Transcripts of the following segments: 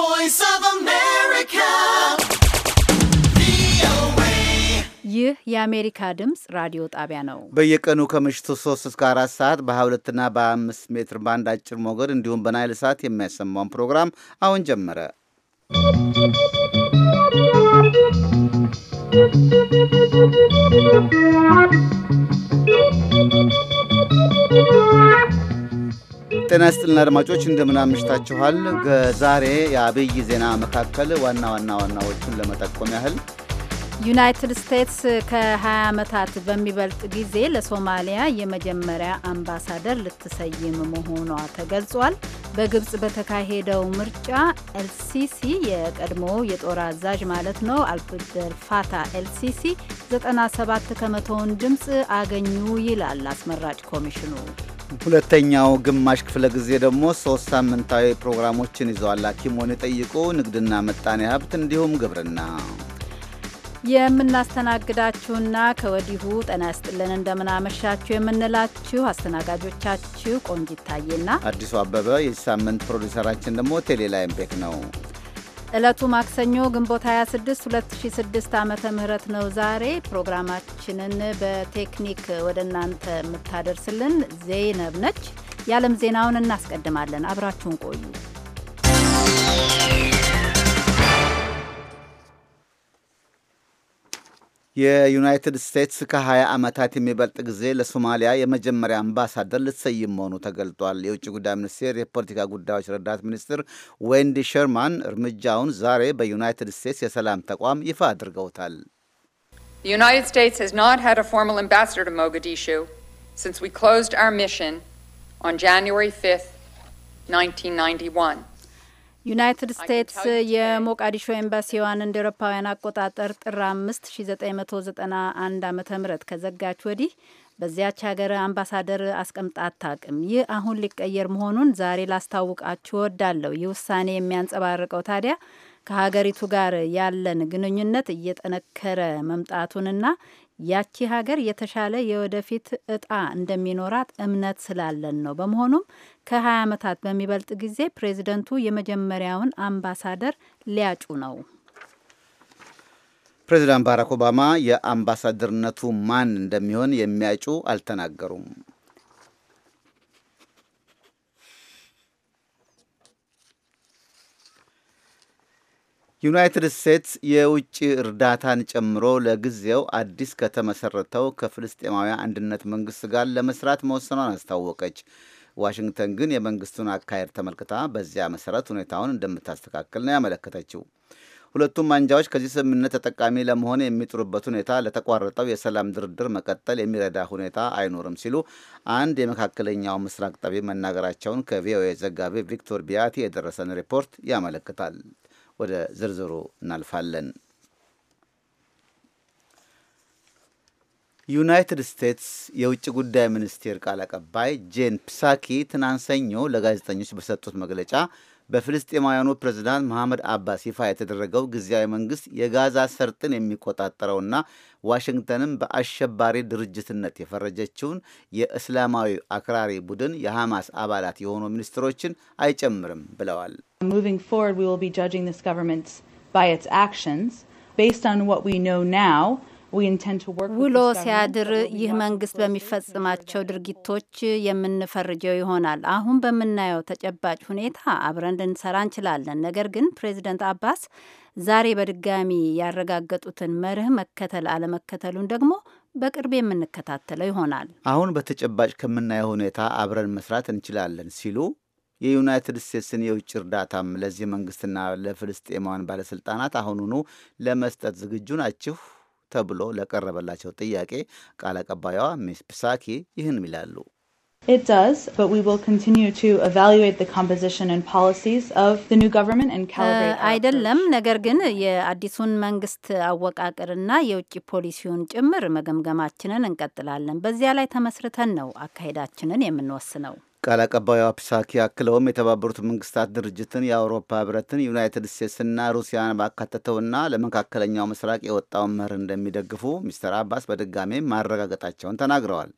voice of America. ይህ የአሜሪካ ድምፅ ራዲዮ ጣቢያ ነው። በየቀኑ ከምሽቱ 3 እስከ 4 ሰዓት በ 22 እና በ5 ሜትር ባንድ አጭር ሞገድ እንዲሁም በናይል ሰዓት የሚያሰማውን ፕሮግራም አሁን ጀመረ። ¶¶ ጤና ይስጥልና አድማጮች እንደምናምሽታችኋል። ከዛሬ የአብይ ዜና መካከል ዋና ዋና ዋናዎቹን ለመጠቆም ያህል ዩናይትድ ስቴትስ ከ20 ዓመታት በሚበልጥ ጊዜ ለሶማሊያ የመጀመሪያ አምባሳደር ልትሰይም መሆኗ ተገልጿል። በግብጽ በተካሄደው ምርጫ ኤልሲሲ የቀድሞ የጦር አዛዥ ማለት ነው አብደል ፋታ ኤልሲሲ 97 ከመቶውን ድምፅ አገኙ ይላል አስመራጭ ኮሚሽኑ። ሁለተኛው ግማሽ ክፍለ ጊዜ ደግሞ ሶስት ሳምንታዊ ፕሮግራሞችን ይዘዋል። ሐኪሞን የጠይቁ፣ ንግድና ምጣኔ ሀብት እንዲሁም ግብርና የምናስተናግዳችሁና ከወዲሁ ጤና ይስጥልን እንደምናመሻችሁ የምንላችሁ አስተናጋጆቻችሁ ቆንጂት ታዬና አዲሱ አበበ፣ የሳምንት ፕሮዲሰራችን ደግሞ ቴሌላይምቤክ ነው። ዕለቱ ማክሰኞ ግንቦት 26 2006 ዓመተ ምህረት ነው። ዛሬ ፕሮግራማችንን በቴክኒክ ወደ እናንተ የምታደርስልን ዜነብ ነች። የዓለም ዜናውን እናስቀድማለን። አብራችሁን ቆዩ። የዩናይትድ ስቴትስ ከ20 ዓመታት የሚበልጥ ጊዜ ለሶማሊያ የመጀመሪያ አምባሳደር ልትሰይም መሆኑ ተገልጧል። የውጭ ጉዳይ ሚኒስቴር የፖለቲካ ጉዳዮች ረዳት ሚኒስትር ዌንዲ ሸርማን እርምጃውን ዛሬ በዩናይትድ ስቴትስ የሰላም ተቋም ይፋ አድርገውታል። ዩናይትድ ስቴትስ a formal ambassador to Mogadishu since we closed our mission 5 1991. ዩናይትድ ስቴትስ የሞቃዲሾ ኤምባሲዋን እንደ ኤሮፓውያን አቆጣጠር ጥር አምስት ሺ ዘጠኝ መቶ ዘጠና አንድ አመተ ምህረት ከዘጋች ወዲህ በዚያች ሀገር አምባሳደር አስቀምጣ አታውቅም። ይህ አሁን ሊቀየር መሆኑን ዛሬ ላስታውቃችሁ ወዳለሁ። ይህ ውሳኔ የሚያንጸባርቀው ታዲያ ከሀገሪቱ ጋር ያለን ግንኙነት እየጠነከረ መምጣቱንና ያቺ ሀገር የተሻለ የወደፊት እጣ እንደሚኖራት እምነት ስላለን ነው። በመሆኑም ከ20 ዓመታት በሚበልጥ ጊዜ ፕሬዚደንቱ የመጀመሪያውን አምባሳደር ሊያጩ ነው። ፕሬዚዳንት ባራክ ኦባማ የአምባሳደርነቱ ማን እንደሚሆን የሚያጩ አልተናገሩም። ዩናይትድ ስቴትስ የውጭ እርዳታን ጨምሮ ለጊዜው አዲስ ከተመሰረተው ከፍልስጤማውያን አንድነት መንግስት ጋር ለመስራት መወሰኗን አስታወቀች። ዋሽንግተን ግን የመንግስቱን አካሄድ ተመልክታ በዚያ መሰረት ሁኔታውን እንደምታስተካክል ነው ያመለከተችው። ሁለቱም አንጃዎች ከዚህ ስምምነት ተጠቃሚ ለመሆን የሚጥሩበት ሁኔታ ለተቋረጠው የሰላም ድርድር መቀጠል የሚረዳ ሁኔታ አይኖርም ሲሉ አንድ የመካከለኛው ምስራቅ ጠቢብ መናገራቸውን ከቪኦኤ ዘጋቢ ቪክቶር ቢያቲ የደረሰን ሪፖርት ያመለክታል። ወደ ዝርዝሩ እናልፋለን። ዩናይትድ ስቴትስ የውጭ ጉዳይ ሚኒስቴር ቃል አቀባይ ጄን ፕሳኪ ትናንት ሰኞ ለጋዜጠኞች በሰጡት መግለጫ በፍልስጤማውያኑ ፕሬዝዳንት መሐመድ አባስ ይፋ የተደረገው ጊዜያዊ መንግስት የጋዛ ሰርጥን የሚቆጣጠረውና ዋሽንግተንም በአሸባሪ ድርጅትነት የፈረጀችውን የእስላማዊ አክራሪ ቡድን የሐማስ አባላት የሆኑ ሚኒስትሮችን አይጨምርም ብለዋል። Moving forward, we will be judging this government by its actions. Based on what we know now, ውሎ ሲያድር ይህ መንግስት በሚፈጽማቸው ድርጊቶች የምንፈርጀው ይሆናል። አሁን በምናየው ተጨባጭ ሁኔታ አብረን ልንሰራ እንችላለን። ነገር ግን ፕሬዚደንት አባስ ዛሬ በድጋሚ ያረጋገጡትን መርህ መከተል አለመከተሉን ደግሞ በቅርብ የምንከታተለው ይሆናል። አሁን በተጨባጭ ከምናየው ሁኔታ አብረን መስራት እንችላለን ሲሉ የዩናይትድ ስቴትስን የውጭ እርዳታም ለዚህ መንግስትና ለፍልስጤማውያን ባለስልጣናት አሁኑኑ ለመስጠት ዝግጁ ናችሁ ተብሎ ለቀረበላቸው ጥያቄ ቃል አቀባዩዋ ሚስ ፕሳኪ ይህን ይላሉ። It does, but we will continue to evaluate the composition and policies of the new government and calibrate. Uh, አይደለም ነገር ግን የአዲሱን መንግስት አወቃቀርና የውጭ ፖሊሲውን ጭምር መገምገማችንን እንቀጥላለን። በዚያ ላይ ተመስርተን ነው አካሄዳችንን የምንወስነው። ቃል አቀባዩ ፒሳኪ አክለውም የተባበሩት መንግስታት ድርጅትን፣ የአውሮፓ ህብረትን፣ ዩናይትድ ስቴትስና ሩሲያን ባካተተውና ለመካከለኛው ምስራቅ የወጣውን መርህ እንደሚደግፉ ሚስተር አባስ በድጋሜ ማረጋገጣቸውን ተናግረዋል።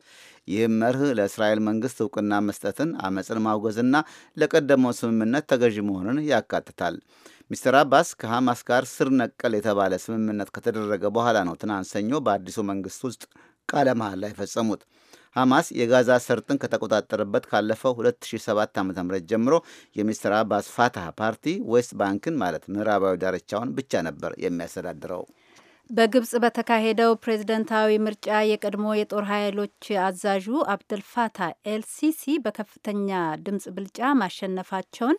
ይህም መርህ ለእስራኤል መንግስት እውቅና መስጠትን፣ አመፅን ማውገዝና ለቀደመው ስምምነት ተገዥ መሆንን ያካትታል። ሚስተር አባስ ከሐማስ ጋር ስር ነቀል የተባለ ስምምነት ከተደረገ በኋላ ነው ትናንት ሰኞ በአዲሱ መንግስት ውስጥ ቃለ መሐላ የፈጸሙት። ሐማስ የጋዛ ሰርጥን ከተቆጣጠረበት ካለፈው 2007 ዓ ም ጀምሮ የሚስትር አባስ ፋታህ ፓርቲ ዌስት ባንክን ማለት ምዕራባዊ ዳርቻውን ብቻ ነበር የሚያስተዳድረው። በግብጽ በተካሄደው ፕሬዝደንታዊ ምርጫ የቀድሞ የጦር ኃይሎች አዛዡ አብደልፋታ ኤልሲሲ በከፍተኛ ድምፅ ብልጫ ማሸነፋቸውን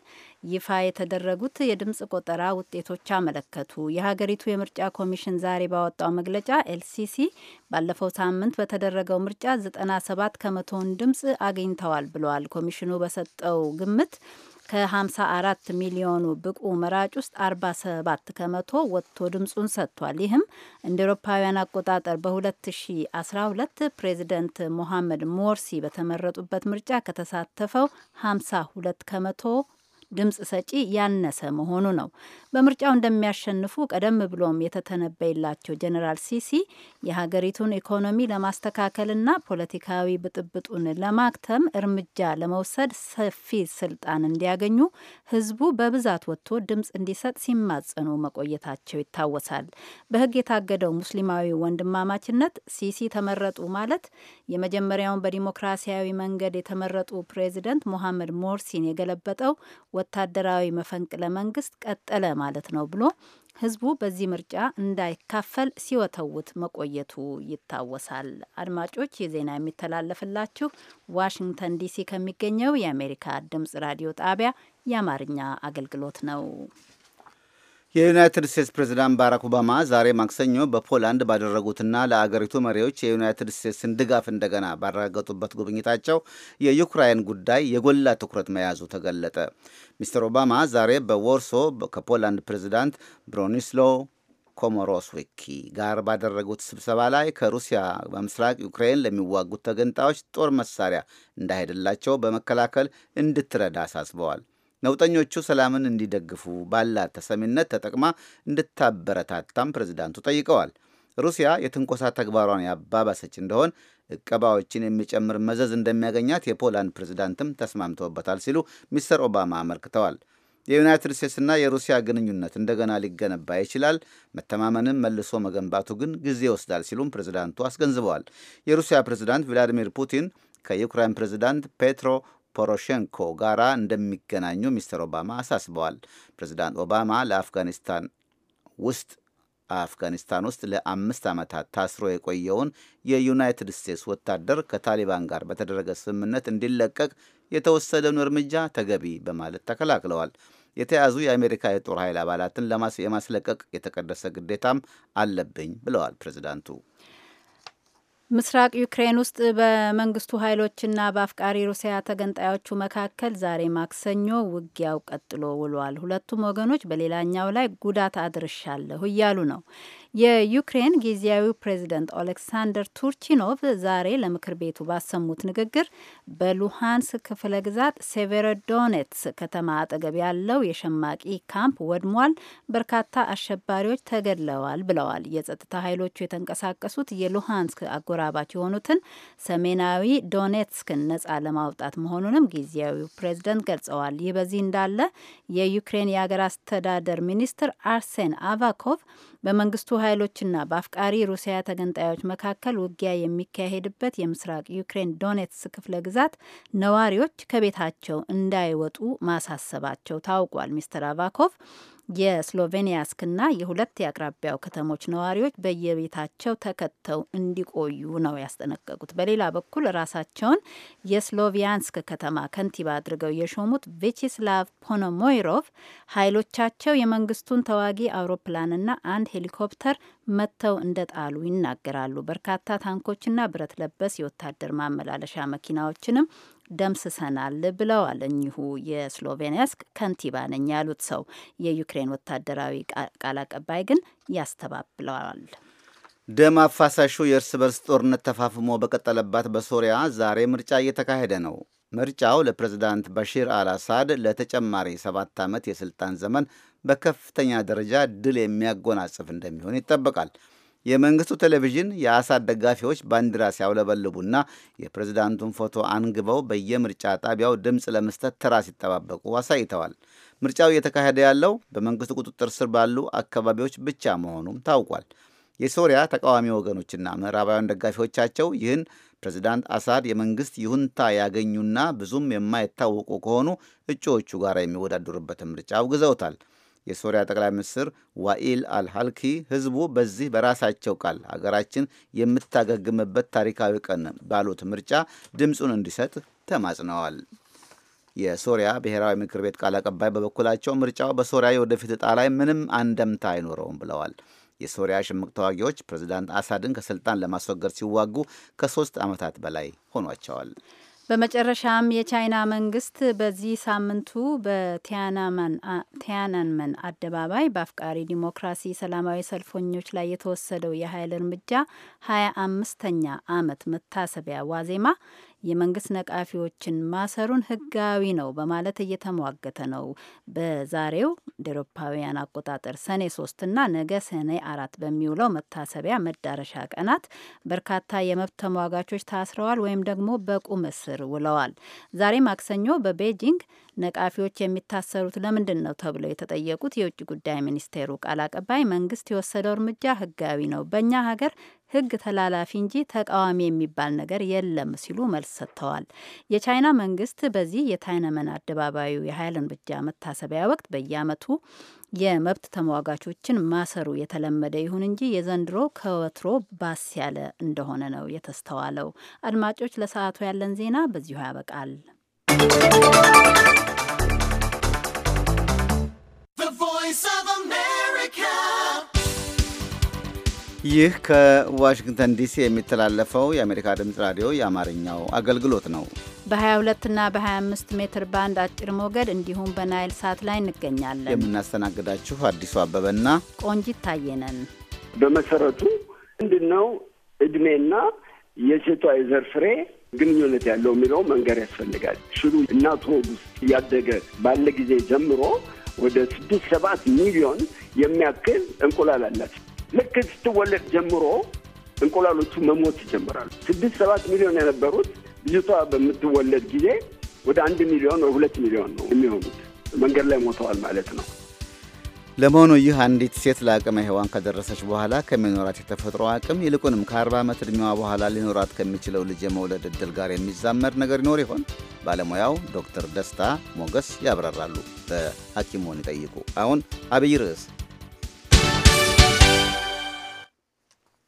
ይፋ የተደረጉት የድምፅ ቆጠራ ውጤቶች አመለከቱ። የሀገሪቱ የምርጫ ኮሚሽን ዛሬ ባወጣው መግለጫ ኤልሲሲ ባለፈው ሳምንት በተደረገው ምርጫ 97 ከመቶውን ድምፅ አግኝተዋል ብለዋል። ኮሚሽኑ በሰጠው ግምት ከ54 ሚሊዮኑ ብቁ መራጭ ውስጥ 47 ከመቶ ወጥቶ ድምፁን ሰጥቷል። ይህም እንደ ኤሮፓውያን አቆጣጠር በ2012 ፕሬዚደንት ሞሐመድ ሞርሲ በተመረጡበት ምርጫ ከተሳተፈው 52 ከመቶ ድምፅ ሰጪ ያነሰ መሆኑ ነው። በምርጫው እንደሚያሸንፉ ቀደም ብሎም የተተነበይላቸው ጀኔራል ሲሲ የሀገሪቱን ኢኮኖሚ ለማስተካከልና ፖለቲካዊ ብጥብጡን ለማክተም እርምጃ ለመውሰድ ሰፊ ስልጣን እንዲያገኙ ህዝቡ በብዛት ወጥቶ ድምፅ እንዲሰጥ ሲማጸኑ መቆየታቸው ይታወሳል። በህግ የታገደው ሙስሊማዊ ወንድማማችነት ሲሲ ተመረጡ ማለት የመጀመሪያውን በዲሞክራሲያዊ መንገድ የተመረጡ ፕሬዚደንት ሞሐመድ ሞርሲን የገለበጠው ወታደራዊ መፈንቅለ መንግስት ቀጠለ ማለት ነው ብሎ ህዝቡ በዚህ ምርጫ እንዳይካፈል ሲወተውት መቆየቱ ይታወሳል። አድማጮች የዜና የሚተላለፍላችሁ ዋሽንግተን ዲሲ ከሚገኘው የአሜሪካ ድምጽ ራዲዮ ጣቢያ የአማርኛ አገልግሎት ነው። የዩናይትድ ስቴትስ ፕሬዝዳንት ባራክ ኦባማ ዛሬ ማክሰኞ በፖላንድ ባደረጉትና ለአገሪቱ መሪዎች የዩናይትድ ስቴትስን ድጋፍ እንደገና ባረጋገጡበት ጉብኝታቸው የዩክራይን ጉዳይ የጎላ ትኩረት መያዙ ተገለጠ። ሚስተር ኦባማ ዛሬ በወርሶ ከፖላንድ ፕሬዝዳንት ብሮኒስሎ ኮሞሮስዊኪ ጋር ባደረጉት ስብሰባ ላይ ከሩሲያ በምስራቅ ዩክሬን ለሚዋጉት ተገንጣዮች ጦር መሳሪያ እንዳይሄድላቸው በመከላከል እንድትረዳ አሳስበዋል። ነውጠኞቹ ሰላምን እንዲደግፉ ባላት ተሰሚነት ተጠቅማ እንድታበረታታም ፕሬዚዳንቱ ጠይቀዋል። ሩሲያ የትንኮሳ ተግባሯን ያባባሰች እንደሆን እቀባዎችን የሚጨምር መዘዝ እንደሚያገኛት የፖላንድ ፕሬዚዳንትም ተስማምተውበታል ሲሉ ሚስተር ኦባማ አመልክተዋል። የዩናይትድ ስቴትስና የሩሲያ ግንኙነት እንደገና ሊገነባ ይችላል፣ መተማመንም መልሶ መገንባቱ ግን ጊዜ ይወስዳል ሲሉም ፕሬዚዳንቱ አስገንዝበዋል። የሩሲያ ፕሬዚዳንት ቭላዲሚር ፑቲን ከዩክራይን ፕሬዚዳንት ፔትሮ ፖሮሼንኮ ጋራ እንደሚገናኙ ሚስተር ኦባማ አሳስበዋል። ፕሬዚዳንት ኦባማ ለአፍጋኒስታን ውስጥ አፍጋኒስታን ውስጥ ለአምስት ዓመታት ታስሮ የቆየውን የዩናይትድ ስቴትስ ወታደር ከታሊባን ጋር በተደረገ ስምምነት እንዲለቀቅ የተወሰደውን እርምጃ ተገቢ በማለት ተከላክለዋል። የተያዙ የአሜሪካ የጦር ኃይል አባላትን የማስለቀቅ የተቀደሰ ግዴታም አለብኝ ብለዋል ፕሬዚዳንቱ። ምስራቅ ዩክሬን ውስጥ በመንግስቱ ኃይሎችና በአፍቃሪ ሩሲያ ተገንጣዮቹ መካከል ዛሬ ማክሰኞ ውጊያው ቀጥሎ ውሏል። ሁለቱም ወገኖች በሌላኛው ላይ ጉዳት አድርሻለሁ እያሉ ነው። የዩክሬን ጊዜያዊ ፕሬዚደንት ኦሌክሳንደር ቱርቺኖቭ ዛሬ ለምክር ቤቱ ባሰሙት ንግግር በሉሃንስክ ክፍለ ግዛት ሴቬሮዶኔትስ ከተማ አጠገብ ያለው የሸማቂ ካምፕ ወድሟል፣ በርካታ አሸባሪዎች ተገድለዋል ብለዋል። የጸጥታ ኃይሎቹ የተንቀሳቀሱት የሉሃንስክ አጎራባች የሆኑትን ሰሜናዊ ዶኔትስክን ነጻ ለማውጣት መሆኑንም ጊዜያዊው ፕሬዚደንት ገልጸዋል። ይህ በዚህ እንዳለ የዩክሬን የሀገር አስተዳደር ሚኒስትር አርሴን አቫኮቭ በመንግስቱ ኃይሎችና በአፍቃሪ ሩሲያ ተገንጣዮች መካከል ውጊያ የሚካሄድበት የምስራቅ ዩክሬን ዶኔትስ ክፍለ ግዛት ነዋሪዎች ከቤታቸው እንዳይወጡ ማሳሰባቸው ታውቋል። ሚስተር አቫኮቭ የስሎቬኒያ እስክና የሁለት የአቅራቢያው ከተሞች ነዋሪዎች በየቤታቸው ተከተው እንዲቆዩ ነው ያስጠነቀቁት። በሌላ በኩል ራሳቸውን የስሎቪያንስክ ከተማ ከንቲባ አድርገው የሾሙት ቬቼስላቭ ፖኖሞይሮቭ ኃይሎቻቸው የመንግስቱን ተዋጊ አውሮፕላንና አንድ ሄሊኮፕተር መጥተው እንደጣሉ ይናገራሉ። በርካታ ታንኮችና ብረት ለበስ የወታደር ማመላለሻ መኪናዎችንም ደምስሰናል ብለዋል። እኚሁ የስሎቬንያስክ ከንቲባ ነኝ ያሉት ሰው የዩክሬን ወታደራዊ ቃል አቀባይ ግን ያስተባብለዋል። ደም አፋሳሹ የእርስ በርስ ጦርነት ተፋፍሞ በቀጠለባት በሶሪያ ዛሬ ምርጫ እየተካሄደ ነው። ምርጫው ለፕሬዝዳንት ባሺር አልአሳድ ለተጨማሪ ሰባት ዓመት የሥልጣን ዘመን በከፍተኛ ደረጃ ድል የሚያጎናጽፍ እንደሚሆን ይጠበቃል። የመንግስቱ ቴሌቪዥን የአሳድ ደጋፊዎች ባንዲራ ሲያውለበልቡና የፕሬዝዳንቱን ፎቶ አንግበው በየምርጫ ጣቢያው ድምፅ ለመስጠት ተራ ሲጠባበቁ አሳይተዋል። ምርጫው እየተካሄደ ያለው በመንግስቱ ቁጥጥር ስር ባሉ አካባቢዎች ብቻ መሆኑም ታውቋል። የሶሪያ ተቃዋሚ ወገኖችና ምዕራባውያን ደጋፊዎቻቸው ይህን ፕሬዚዳንት አሳድ የመንግስት ይሁንታ ያገኙና ብዙም የማይታወቁ ከሆኑ እጩዎቹ ጋር የሚወዳደሩበትን ምርጫ አውግዘውታል። የሶሪያ ጠቅላይ ሚኒስትር ዋኢል አልሀልኪ ህዝቡ በዚህ በራሳቸው ቃል ሀገራችን የምታገግምበት ታሪካዊ ቀን ባሉት ምርጫ ድምፁን እንዲሰጥ ተማጽነዋል። የሶሪያ ብሔራዊ ምክር ቤት ቃል አቀባይ በበኩላቸው ምርጫው በሶሪያ የወደፊት ዕጣ ላይ ምንም አንደምታ አይኖረውም ብለዋል። የሶሪያ ሽምቅ ተዋጊዎች ፕሬዚዳንት አሳድን ከስልጣን ለማስወገድ ሲዋጉ ከሶስት ዓመታት በላይ ሆኗቸዋል። በመጨረሻም የቻይና መንግስት በዚህ ሳምንቱ በቲያናንመን አደባባይ በአፍቃሪ ዲሞክራሲ ሰላማዊ ሰልፈኞች ላይ የተወሰደው የኃይል እርምጃ ሀያ አምስተኛ ዓመት መታሰቢያ ዋዜማ የመንግስት ነቃፊዎችን ማሰሩን ህጋዊ ነው በማለት እየተሟገተ ነው። በዛሬው አውሮፓውያን አቆጣጠር ሰኔ ሶስትና ነገ ሰኔ አራት በሚውለው መታሰቢያ መዳረሻ ቀናት በርካታ የመብት ተሟጋቾች ታስረዋል ወይም ደግሞ በቁም እስር ውለዋል። ዛሬ ማክሰኞ በቤጂንግ ነቃፊዎች የሚታሰሩት ለምንድን ነው ተብለው የተጠየቁት የውጭ ጉዳይ ሚኒስቴሩ ቃል አቀባይ መንግስት የወሰደው እርምጃ ህጋዊ ነው፣ በእኛ ሀገር ህግ ተላላፊ እንጂ ተቃዋሚ የሚባል ነገር የለም ሲሉ መልስ ሰጥተዋል። የቻይና መንግስት በዚህ የታይነመን አደባባዩ የኃይል እርምጃ መታሰቢያ ወቅት በየአመቱ የመብት ተሟጋቾችን ማሰሩ የተለመደ ይሁን እንጂ የዘንድሮ ከወትሮ ባስ ያለ እንደሆነ ነው የተስተዋለው። አድማጮች፣ ለሰዓቱ ያለን ዜና በዚሁ ያበቃል። ይህ ከዋሽንግተን ዲሲ የሚተላለፈው የአሜሪካ ድምፅ ራዲዮ የአማርኛው አገልግሎት ነው። በ22 እና በ25 ሜትር ባንድ አጭር ሞገድ እንዲሁም በናይል ሳት ላይ እንገኛለን። የምናስተናግዳችሁ አዲሱ አበበና ቆንጂት ታየነን። በመሰረቱ ምንድን ነው እድሜና የሴቷ የዘር ፍሬ ግንኙነት ያለው የሚለው መንገድ ያስፈልጋል። ሽሉ እናት ሆድ ውስጥ እያደገ ባለ ጊዜ ጀምሮ ወደ ስድስት ሰባት ሚሊዮን የሚያክል እንቁላል አላት። ልክ ስትወለድ ጀምሮ እንቁላሎቹ መሞት ይጀምራሉ። ስድስት ሰባት ሚሊዮን የነበሩት ልጅቷ በምትወለድ ጊዜ ወደ አንድ ሚሊዮን ወይ ሁለት ሚሊዮን ነው የሚሆኑት። መንገድ ላይ ሞተዋል ማለት ነው። ለመሆኑ ይህ አንዲት ሴት ለአቅመ ሔዋን ከደረሰች በኋላ ከሚኖራት የተፈጥሮ አቅም ይልቁንም ከ40 ዓመት ዕድሜዋ በኋላ ሊኖራት ከሚችለው ልጅ የመውለድ ዕድል ጋር የሚዛመድ ነገር ይኖር ይሆን? ባለሙያው ዶክተር ደስታ ሞገስ ያብራራሉ። በሐኪሞን ይጠይቁ አሁን አብይ ርዕስ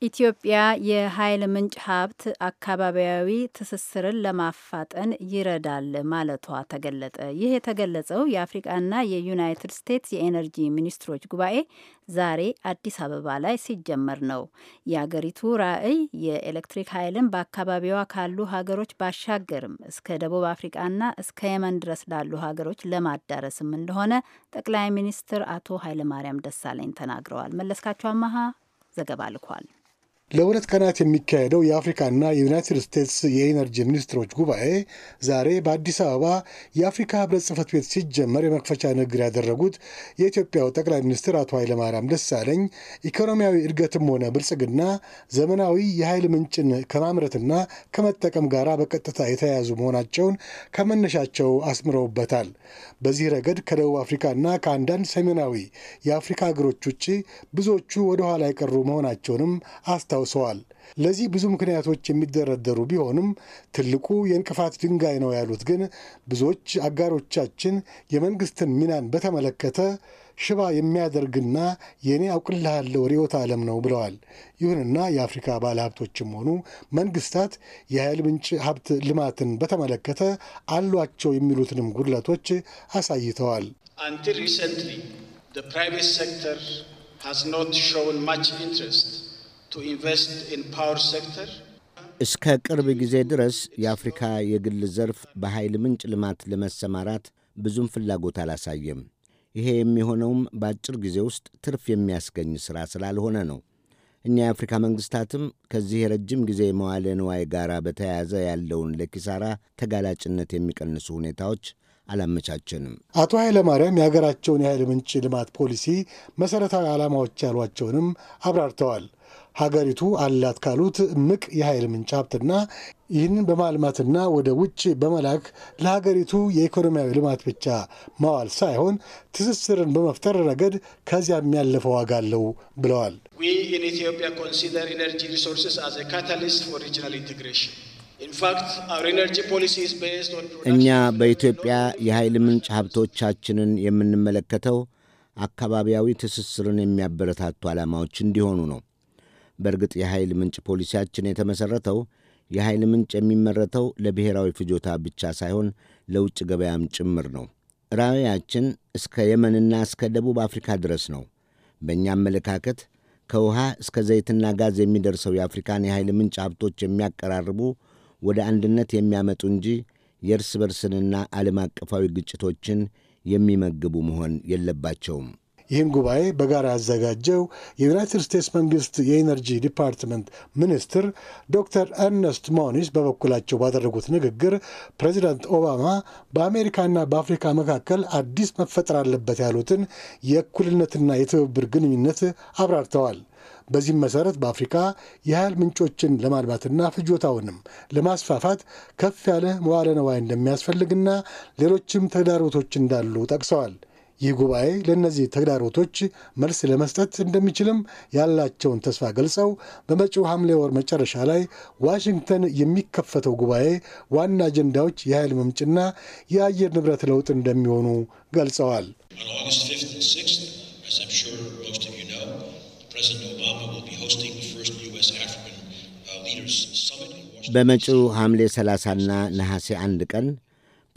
ኢትዮጵያ የኃይል ምንጭ ሀብት አካባቢያዊ ትስስርን ለማፋጠን ይረዳል ማለቷ ተገለጠ። ይህ የተገለጸው የአፍሪቃና የዩናይትድ ስቴትስ የኤነርጂ ሚኒስትሮች ጉባኤ ዛሬ አዲስ አበባ ላይ ሲጀመር ነው። የአገሪቱ ራዕይ የኤሌክትሪክ ኃይልን በአካባቢዋ ካሉ ሀገሮች ባሻገርም እስከ ደቡብ አፍሪቃና እስከ የመን ድረስ ላሉ ሀገሮች ለማዳረስም እንደሆነ ጠቅላይ ሚኒስትር አቶ ኃይለማርያም ደሳለኝ ተናግረዋል። መለስካቸው አማሃ ዘገባ ልኳል። ለሁለት ቀናት የሚካሄደው የአፍሪካና የዩናይትድ ስቴትስ የኢነርጂ ሚኒስትሮች ጉባኤ ዛሬ በአዲስ አበባ የአፍሪካ ህብረት ጽህፈት ቤት ሲጀመር የመክፈቻ ንግግር ያደረጉት የኢትዮጵያው ጠቅላይ ሚኒስትር አቶ ኃይለማርያም ደሳለኝ ኢኮኖሚያዊ እድገትም ሆነ ብልጽግና ዘመናዊ የኃይል ምንጭን ከማምረትና ከመጠቀም ጋር በቀጥታ የተያያዙ መሆናቸውን ከመነሻቸው አስምረውበታል። በዚህ ረገድ ከደቡብ አፍሪካና ከአንዳንድ ሰሜናዊ የአፍሪካ ሀገሮች ውጭ ብዙዎቹ ወደኋላ የቀሩ መሆናቸውንም አስታ አስታውሰዋል። ለዚህ ብዙ ምክንያቶች የሚደረደሩ ቢሆንም ትልቁ የእንቅፋት ድንጋይ ነው ያሉት ግን ብዙዎች አጋሮቻችን የመንግስትን ሚናን በተመለከተ ሽባ የሚያደርግና የእኔ አውቅልሃለሁ ርዕዮተ ዓለም ነው ብለዋል። ይሁንና የአፍሪካ ባለሀብቶችም ሆኑ መንግስታት የኃይል ምንጭ ሀብት ልማትን በተመለከተ አሏቸው የሚሉትንም ጉድለቶች አሳይተዋል። Until recently, the ሴክተር ሃዝ ኖት ሾውን ማች ኢንትረስት እስከ ቅርብ ጊዜ ድረስ የአፍሪካ የግል ዘርፍ በኃይል ምንጭ ልማት ለመሰማራት ብዙም ፍላጎት አላሳየም። ይሄ የሚሆነውም በአጭር ጊዜ ውስጥ ትርፍ የሚያስገኝ ሥራ ስላልሆነ ነው። እኛ የአፍሪካ መንግሥታትም ከዚህ የረጅም ጊዜ መዋለ ንዋይ ጋር በተያያዘ ያለውን ለኪሳራ ተጋላጭነት የሚቀንሱ ሁኔታዎች አላመቻቸንም። አቶ ኃይለማርያም የሀገራቸውን የኃይል ምንጭ ልማት ፖሊሲ መሠረታዊ ዓላማዎች ያሏቸውንም አብራርተዋል። ሀገሪቱ አላት ካሉት ምቅ የኃይል ምንጭ ሀብትና ይህንን በማልማትና ወደ ውጭ በመላክ ለሀገሪቱ የኢኮኖሚያዊ ልማት ብቻ ማዋል ሳይሆን ትስስርን በመፍጠር ረገድ ከዚያ የሚያለፈ ዋጋ አለው ብለዋል። እኛ በኢትዮጵያ የኃይል ምንጭ ሀብቶቻችንን የምንመለከተው አካባቢያዊ ትስስርን የሚያበረታቱ ዓላማዎች እንዲሆኑ ነው። በእርግጥ የኃይል ምንጭ ፖሊሲያችን የተመሠረተው የኃይል ምንጭ የሚመረተው ለብሔራዊ ፍጆታ ብቻ ሳይሆን ለውጭ ገበያም ጭምር ነው። ራዕያችን እስከ የመንና እስከ ደቡብ አፍሪካ ድረስ ነው። በእኛ አመለካከት ከውሃ እስከ ዘይትና ጋዝ የሚደርሰው የአፍሪካን የኃይል ምንጭ ሀብቶች የሚያቀራርቡ ወደ አንድነት የሚያመጡ እንጂ የእርስ በርስንና ዓለም አቀፋዊ ግጭቶችን የሚመግቡ መሆን የለባቸውም። ይህን ጉባኤ በጋራ ያዘጋጀው የዩናይትድ ስቴትስ መንግስት የኢነርጂ ዲፓርትመንት ሚኒስትር ዶክተር ኤርነስት ሞኒስ በበኩላቸው ባደረጉት ንግግር ፕሬዚዳንት ኦባማ በአሜሪካና በአፍሪካ መካከል አዲስ መፈጠር አለበት ያሉትን የእኩልነትና የትብብር ግንኙነት አብራርተዋል። በዚህም መሰረት በአፍሪካ የኃይል ምንጮችን ለማልማትና ፍጆታውንም ለማስፋፋት ከፍ ያለ መዋለ ነዋይ እንደሚያስፈልግና ሌሎችም ተግዳሮቶች እንዳሉ ጠቅሰዋል። ይህ ጉባኤ ለእነዚህ ተግዳሮቶች መልስ ለመስጠት እንደሚችልም ያላቸውን ተስፋ ገልጸው በመጪው ሐምሌ ወር መጨረሻ ላይ ዋሽንግተን የሚከፈተው ጉባኤ ዋና አጀንዳዎች የኃይል ምንጭና የአየር ንብረት ለውጥ እንደሚሆኑ ገልጸዋል። በመጪው ሐምሌ 30ና ነሐሴ አንድ ቀን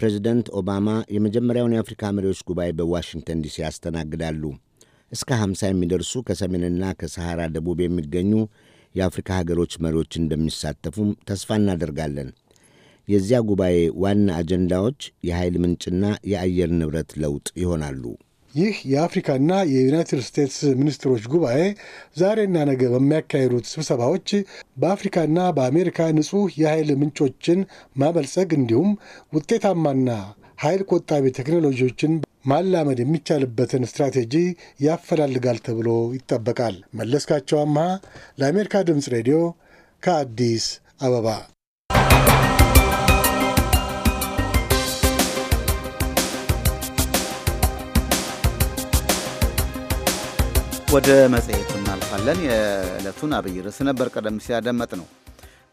ፕሬዚደንት ኦባማ የመጀመሪያውን የአፍሪካ መሪዎች ጉባኤ በዋሽንግተን ዲሲ ያስተናግዳሉ። እስከ 50 የሚደርሱ ከሰሜንና ከሰሐራ ደቡብ የሚገኙ የአፍሪካ ሀገሮች መሪዎች እንደሚሳተፉም ተስፋ እናደርጋለን። የዚያ ጉባኤ ዋና አጀንዳዎች የኃይል ምንጭና የአየር ንብረት ለውጥ ይሆናሉ። ይህ የአፍሪካና የዩናይትድ ስቴትስ ሚኒስትሮች ጉባኤ ዛሬና ነገ በሚያካሄዱት ስብሰባዎች በአፍሪካና በአሜሪካ ንጹህ የኃይል ምንጮችን ማበልጸግ እንዲሁም ውጤታማና ኃይል ቆጣቢ ቴክኖሎጂዎችን ማላመድ የሚቻልበትን ስትራቴጂ ያፈላልጋል ተብሎ ይጠበቃል። መለስካቸው አምሃ ለአሜሪካ ድምፅ ሬዲዮ ከአዲስ አበባ ወደ መጽሔቱ እናልፋለን። የዕለቱን አብይ ርዕስ ነበር ቀደም ሲያደመጥ ነው።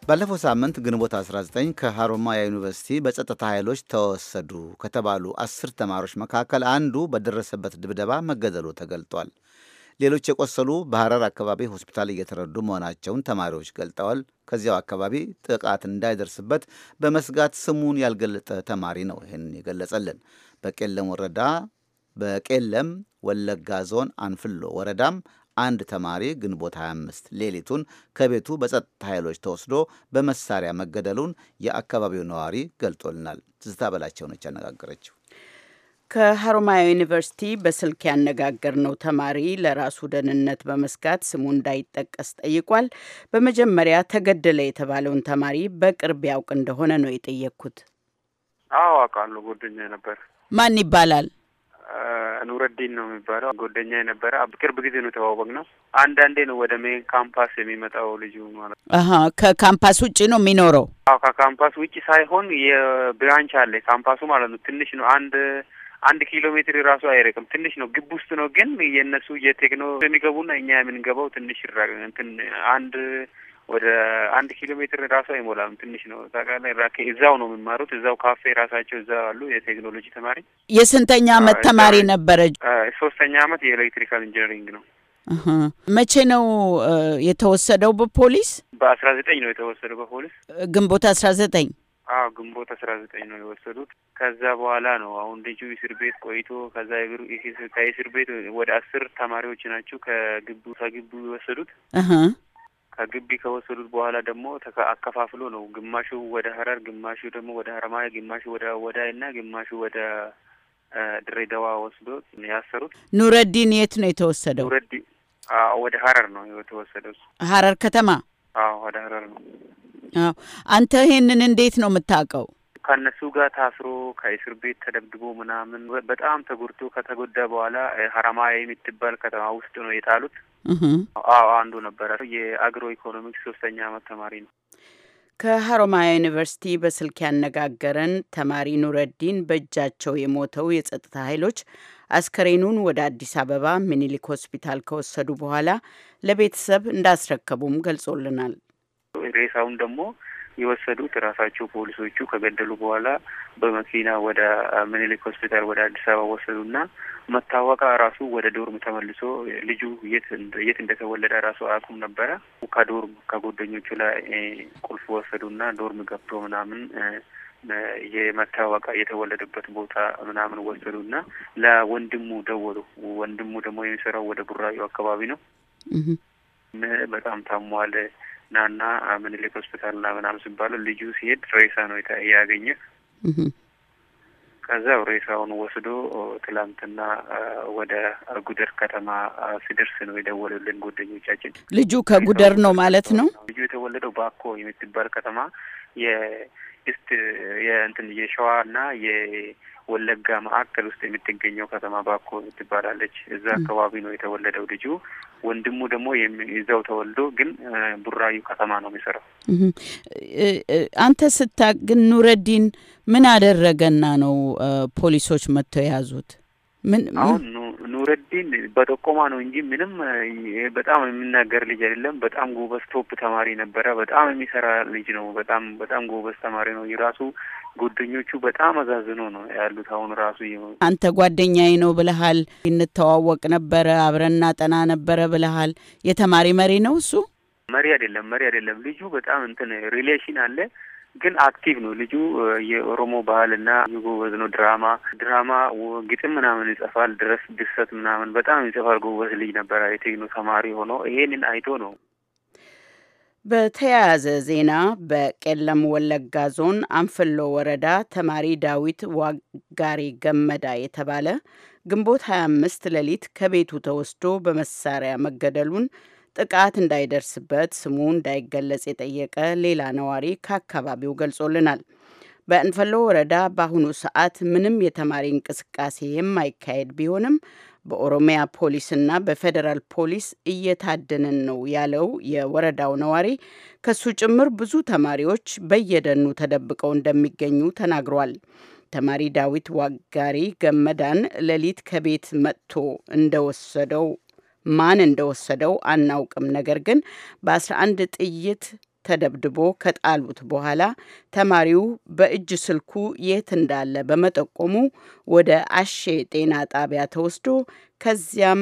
ባለፈው ሳምንት ግንቦት 19 ከሀሮማያ ዩኒቨርሲቲ በጸጥታ ኃይሎች ተወሰዱ ከተባሉ አስር ተማሪዎች መካከል አንዱ በደረሰበት ድብደባ መገደሉ ተገልጧል። ሌሎች የቆሰሉ በሐረር አካባቢ ሆስፒታል እየተረዱ መሆናቸውን ተማሪዎች ገልጠዋል። ከዚያው አካባቢ ጥቃት እንዳይደርስበት በመስጋት ስሙን ያልገለጠ ተማሪ ነው ይህን የገለጸልን። በቄለም ወረዳ በቄለም ወለጋ ዞን አንፍሎ ወረዳም አንድ ተማሪ ግንቦት 25 ሌሊቱን ከቤቱ በጸጥታ ኃይሎች ተወስዶ በመሳሪያ መገደሉን የአካባቢው ነዋሪ ገልጦልናል። ትዝታ በላቸው ነች ያነጋገረችው። ከሀሮማያ ዩኒቨርሲቲ በስልክ ያነጋገርነው ተማሪ ለራሱ ደህንነት በመስጋት ስሙ እንዳይጠቀስ ጠይቋል። በመጀመሪያ ተገደለ የተባለውን ተማሪ በቅርብ ያውቅ እንደሆነ ነው የጠየቅኩት። አዎ አውቃለሁ፣ ነበር። ማን ይባላል? ኑረዲን ነው የሚባለው ጎደኛ የነበረ ቅርብ ጊዜ ነው የተዋወቅ ነው። አንዳንዴ ነው ወደ ሜን ካምፓስ የሚመጣው ልጁ ማለት ነው። ከካምፓስ ውጭ ነው የሚኖረው? አዎ ከካምፓስ ውጭ ሳይሆን የብራንች አለ ካምፓሱ ማለት ነው። ትንሽ ነው አንድ አንድ ኪሎ ሜትር ራሱ አይረቅም። ትንሽ ነው ግብ ውስጥ ነው ግን የእነሱ የቴክኖ የሚገቡና እኛ የምንገባው ትንሽ እንትን አንድ ወደ አንድ ኪሎ ሜትር ራሱ አይሞላም፣ ትንሽ ነው። ታውቃለህ፣ እዛው ነው የሚማሩት፣ እዛው ካፌ ራሳቸው እዛ አሉ። የቴክኖሎጂ ተማሪ። የስንተኛ አመት ተማሪ ነበረ? ሶስተኛ አመት የኤሌክትሪካል ኢንጂነሪንግ ነው። መቼ ነው የተወሰደው በፖሊስ? በአስራ ዘጠኝ ነው የተወሰደው በፖሊስ ግንቦት አስራ ዘጠኝ አዎ ግንቦት አስራ ዘጠኝ ነው የወሰዱት። ከዛ በኋላ ነው አሁን ልጁ እስር ቤት ቆይቶ ከዛ ከእስር ቤት ወደ አስር ተማሪዎች ናቸው ከግቡ ከግቡ የወሰዱት ከግቢ ከወሰዱት በኋላ ደግሞ አከፋፍሎ ነው ግማሹ ወደ ሀረር፣ ግማሹ ደግሞ ወደ ሀረማያ፣ ግማሹ ወደ ወዳይ እና ግማሹ ወደ ድሬዳዋ ወስዶ ያሰሩት። ኑረዲን የት ነው የተወሰደው? ኑረዲ ወደ ሀረር ነው የተወሰደው። ሀረር ከተማ? አዎ ወደ ሀረር ነው። አንተ ይሄንን እንዴት ነው የምታውቀው? ከእነሱ ጋር ታስሮ ከእስር ቤት ተደብድቦ ምናምን በጣም ተጉርቶ ከተጎዳ በኋላ ሀረማ የምትባል ከተማ ውስጥ ነው የጣሉት። አዎ አንዱ ነበረ። የአግሮ ኢኮኖሚክስ ሶስተኛ አመት ተማሪ ነው። ከሀሮማያ ዩኒቨርሲቲ በስልክ ያነጋገረን ተማሪ ኑረዲን በእጃቸው የሞተው የጸጥታ ኃይሎች አስከሬኑን ወደ አዲስ አበባ ሚኒሊክ ሆስፒታል ከወሰዱ በኋላ ለቤተሰብ እንዳስረከቡም ገልጾልናል። ሬሳውን ደግሞ የወሰዱት ራሳቸው ፖሊሶቹ ከገደሉ በኋላ በመኪና ወደ ምኒልክ ሆስፒታል ወደ አዲስ አበባ ወሰዱና መታወቂያ ራሱ ወደ ዶርም ተመልሶ ልጁ የት የት እንደተወለደ ራሱ አያውቁም ነበረ። ከዶርም ከጓደኞቹ ላይ ቁልፍ ወሰዱና ዶርም ገብቶ ምናምን የመታወቃ የተወለደበት ቦታ ምናምን ወሰዱና ለወንድሙ ደወሉ። ወንድሙ ደግሞ የሚሰራው ወደ ቡራዩ አካባቢ ነው። በጣም ታሟል ናና ምኒልክ ሆስፒታል ና ምናም ሲባሉ ልጁ ሲሄድ ሬሳ ነው ያገኘ። ከዛው ሬሳውን ወስዶ ትላንትና ወደ ጉደር ከተማ ሲደርስ ነው የደወሉልን ጓደኞቻችን። ልጁ ከጉደር ነው ማለት ነው። ልጁ የተወለደው ባኮ የምትባል ከተማ የስት የእንትን የሸዋ ና ወለጋ ማዕከል ውስጥ የምትገኘው ከተማ ባኮ ትባላለች። እዛ አካባቢ ነው የተወለደው ልጁ። ወንድሙ ደግሞ የዛው ተወልዶ ግን ቡራዩ ከተማ ነው የሚሰራው። አንተ ስታግን ኑረዲን ምን አደረገና ነው ፖሊሶች መጥተው የያዙት? ምን አሁን ኑረዲን በጠቆማ ነው እንጂ ምንም በጣም የሚናገር ልጅ አይደለም። በጣም ጎበዝ ቶፕ ተማሪ ነበረ። በጣም የሚሰራ ልጅ ነው። በጣም በጣም ጎበዝ ተማሪ ነው። የራሱ ጓደኞቹ በጣም አዛዝኖ ነው ያሉት። አሁን ራሱ አንተ ጓደኛዬ ነው ብለሃል። እንተዋወቅ ነበረ፣ አብረና ጠና ነበረ ብለሃል። የተማሪ መሪ ነው እሱ። መሪ አይደለም፣ መሪ አይደለም። ልጁ በጣም እንትን ሪሌሽን አለ ግን አክቲቭ ነው ልጁ። የኦሮሞ ባህልና ጎበዝ ነው። ድራማ ድራማ ግጥም ምናምን ይጽፋል። ድረስ ድርሰት ምናምን በጣም ይጽፋል። ጎበዝ ልጅ ነበረ። የቴክኖ ተማሪ ሆኖ ይሄንን አይቶ ነው። በተያያዘ ዜና በቄለም ወለጋ ዞን አንፍሎ ወረዳ ተማሪ ዳዊት ዋጋሪ ገመዳ የተባለ ግንቦት 25 ሌሊት ከቤቱ ተወስዶ በመሳሪያ መገደሉን ጥቃት እንዳይደርስበት ስሙ እንዳይገለጽ የጠየቀ ሌላ ነዋሪ ከአካባቢው ገልጾልናል። በእንፈሎ ወረዳ በአሁኑ ሰዓት ምንም የተማሪ እንቅስቃሴ የማይካሄድ ቢሆንም በኦሮሚያ ፖሊስና በፌዴራል ፖሊስ እየታደንን ነው ያለው የወረዳው ነዋሪ ከሱ ጭምር ብዙ ተማሪዎች በየደኑ ተደብቀው እንደሚገኙ ተናግሯል። ተማሪ ዳዊት ዋጋሪ ገመዳን ሌሊት ከቤት መጥቶ እንደወሰደው ማን እንደወሰደው አናውቅም። ነገር ግን በ11 ጥይት ተደብድቦ ከጣሉት በኋላ ተማሪው በእጅ ስልኩ የት እንዳለ በመጠቆሙ ወደ አሼ ጤና ጣቢያ ተወስዶ ከዚያም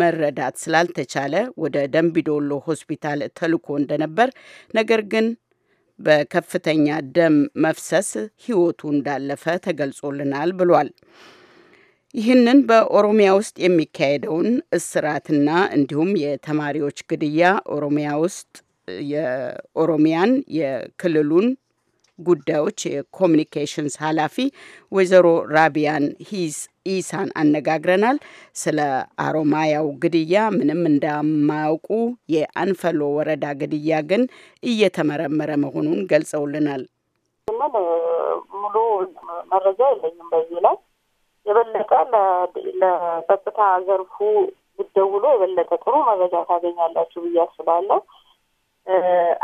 መረዳት ስላልተቻለ ወደ ደንቢዶሎ ሆስፒታል ተልኮ እንደነበር ነገር ግን በከፍተኛ ደም መፍሰስ ሕይወቱ እንዳለፈ ተገልጾልናል ብሏል። ይህንን በኦሮሚያ ውስጥ የሚካሄደውን እስራትና እንዲሁም የተማሪዎች ግድያ ኦሮሚያ ውስጥ የኦሮሚያን የክልሉን ጉዳዮች የኮሚኒኬሽንስ ኃላፊ ወይዘሮ ራቢያን ሂስ ኢሳን አነጋግረናል። ስለ አሮማያው ግድያ ምንም እንደማያውቁ የአንፈሎ ወረዳ ግድያ ግን እየተመረመረ መሆኑን ገልጸውልናል። ሙሉ መረጃ የለኝም በዚህ ላይ የበለጠ ለጸጥታ ዘርፉ ብትደውሉ የበለጠ ጥሩ መረጃ ታገኛላችሁ ብዬ አስባለሁ።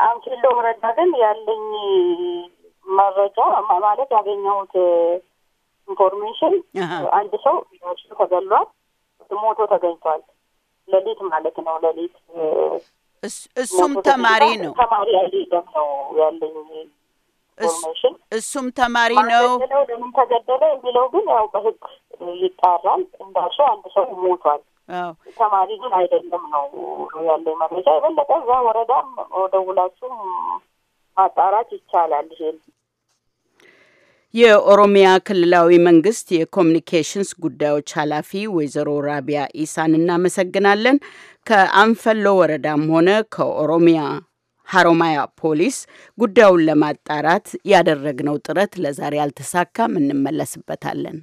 አንኪለው ወረዳ ግን ያለኝ መረጃ ማለት ያገኘሁት ኢንፎርሜሽን አንድ ሰው ተገሏል፣ ሞቶ ተገኝቷል። ሌሊት ማለት ነው። ሌሊት እሱም ተማሪ ነው። ተማሪ ያለ ነው ያለኝ ኢንፎርሜሽን እሱም ተማሪ ነው ለምን ተገደለ የሚለው ግን ያው በህግ ይጣራል። እንዳልሽው አንድ ሰው ሞቷል። ተማሪ ግን አይደለም ነው ያለው መረጃ። የበለጠ እዛ ወረዳም ደውላችሁ ማጣራት ይቻላል ይሄን የኦሮሚያ ክልላዊ መንግስት የኮሚኒኬሽንስ ጉዳዮች ኃላፊ ወይዘሮ ራቢያ ኢሳን እናመሰግናለን። ከአንፈሎ ወረዳም ሆነ ከኦሮሚያ ሀሮማያ ፖሊስ ጉዳዩን ለማጣራት ያደረግነው ጥረት ለዛሬ አልተሳካም። እንመለስበታለን።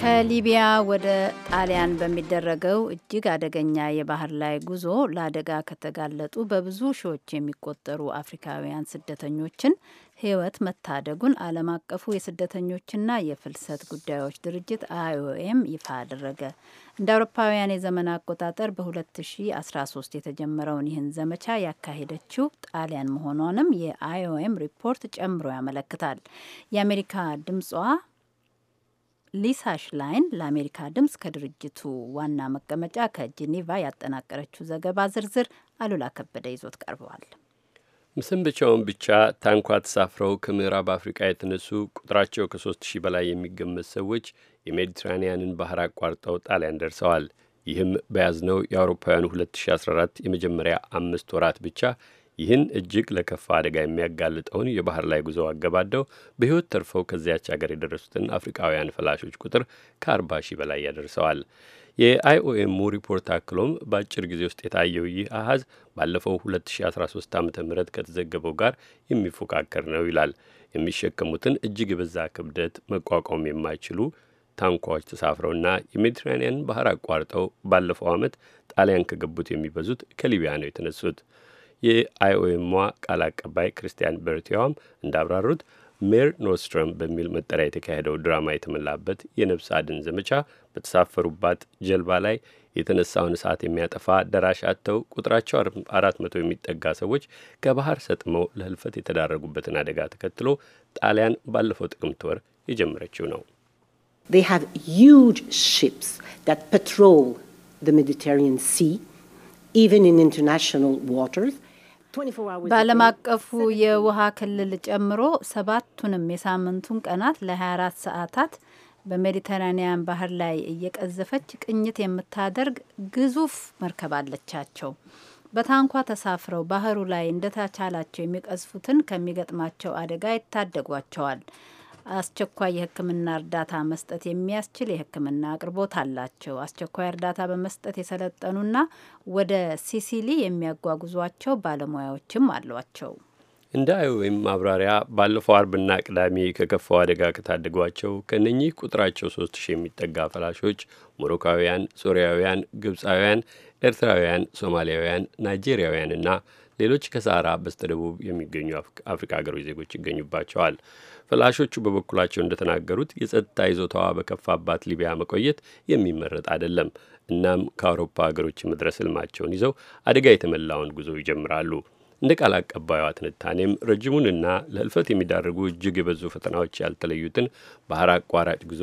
ከሊቢያ ወደ ጣሊያን በሚደረገው እጅግ አደገኛ የባህር ላይ ጉዞ ለአደጋ ከተጋለጡ በብዙ ሺዎች የሚቆጠሩ አፍሪካውያን ስደተኞችን ህይወት መታደጉን ዓለም አቀፉ የስደተኞችና የፍልሰት ጉዳዮች ድርጅት አይኦኤም ይፋ አደረገ። እንደ አውሮፓውያን የዘመን አቆጣጠር በ2013 የተጀመረውን ይህን ዘመቻ ያካሄደችው ጣሊያን መሆኗንም የአይኦኤም ሪፖርት ጨምሮ ያመለክታል። የአሜሪካ ድምጿ ሊሳ ሽላይን ለአሜሪካ ድምፅ ከድርጅቱ ዋና መቀመጫ ከጄኔቫ ያጠናቀረችው ዘገባ ዝርዝር አሉላ ከበደ ይዞት ቀርበዋል። ስንብቻውን ብቻ ታንኳ ተሳፍረው ከምዕራብ አፍሪቃ የተነሱ ቁጥራቸው ከሶስት ሺህ በላይ የሚገመት ሰዎች የሜዲትራንያንን ባህር አቋርጠው ጣሊያን ደርሰዋል። ይህም በያዝነው የአውሮፓውያኑ 2014 የመጀመሪያ አምስት ወራት ብቻ ይህን እጅግ ለከፋ አደጋ የሚያጋልጠውን የባህር ላይ ጉዞ አገባደው በሕይወት ተርፈው ከዚያች አገር የደረሱትን አፍሪካውያን ፈላሾች ቁጥር ከ40 ሺህ በላይ ያደርሰዋል። የአይኦኤሙ ሪፖርት አክሎም በአጭር ጊዜ ውስጥ የታየው ይህ አሀዝ ባለፈው 2013 ዓ ም ከተዘገበው ጋር የሚፎካከር ነው ይላል። የሚሸከሙትን እጅግ የበዛ ክብደት መቋቋም የማይችሉ ታንኳዎች ተሳፍረውና የሜዲትራኒያን ባህር አቋርጠው ባለፈው ዓመት ጣሊያን ከገቡት የሚበዙት ከሊቢያ ነው የተነሱት። የአይኦኤሟ ቃል አቀባይ ክርስቲያን በርቲያም እንዳብራሩት ሜር ኖስትረም በሚል መጠሪያ የተካሄደው ድራማ የተመላበት የነፍስ አድን ዘመቻ በተሳፈሩባት ጀልባ ላይ የተነሳውን እሳት የሚያጠፋ ደራሽ አጥተው ቁጥራቸው አራት መቶ የሚጠጋ ሰዎች ከባህር ሰጥመው ለህልፈት የተዳረጉበትን አደጋ ተከትሎ ጣሊያን ባለፈው ጥቅምት ወር የጀመረችው ነው። They have huge ships that patrol the Mediterranean Sea, even in international waters. በዓለም አቀፉ የውሃ ክልል ጨምሮ ሰባቱንም የሳምንቱን ቀናት ለ24 ሰዓታት በሜዲተራኒያን ባህር ላይ እየቀዘፈች ቅኝት የምታደርግ ግዙፍ መርከብ አለቻቸው። በታንኳ ተሳፍረው ባህሩ ላይ እንደተቻላቸው የሚቀዝፉትን ከሚገጥማቸው አደጋ ይታደጓቸዋል። አስቸኳይ የሕክምና እርዳታ መስጠት የሚያስችል የሕክምና አቅርቦት አላቸው። አስቸኳይ እርዳታ በመስጠት የሰለጠኑና ወደ ሲሲሊ የሚያጓጉዟቸው ባለሙያዎችም አሏቸው። እንደ አይኦኤም ማብራሪያ ባለፈው አርብና ቅዳሜ ከከፋው አደጋ ከታደጓቸው ከነኚህ ቁጥራቸው ሶስት ሺህ የሚጠጋ ፈላሾች ሞሮካውያን፣ ሶሪያውያን፣ ግብፃውያን፣ ኤርትራውያን፣ ሶማሊያውያን፣ ናይጄሪያውያንና ሌሎች ከሰራ በስተደቡብ የሚገኙ አፍሪካ ሀገሮች ዜጎች ይገኙባቸዋል። ፈላሾቹ በበኩላቸው እንደተናገሩት የጸጥታ ይዞታዋ በከፋባት ሊቢያ መቆየት የሚመረጥ አይደለም። እናም ከአውሮፓ ሀገሮች መድረስ ህልማቸውን ይዘው አደጋ የተመላውን ጉዞ ይጀምራሉ። እንደ ቃል አቀባዩዋ ትንታኔም ረጅሙንና ለህልፈት የሚዳርጉ እጅግ የበዙ ፈተናዎች ያልተለዩትን ባህር አቋራጭ ጉዞ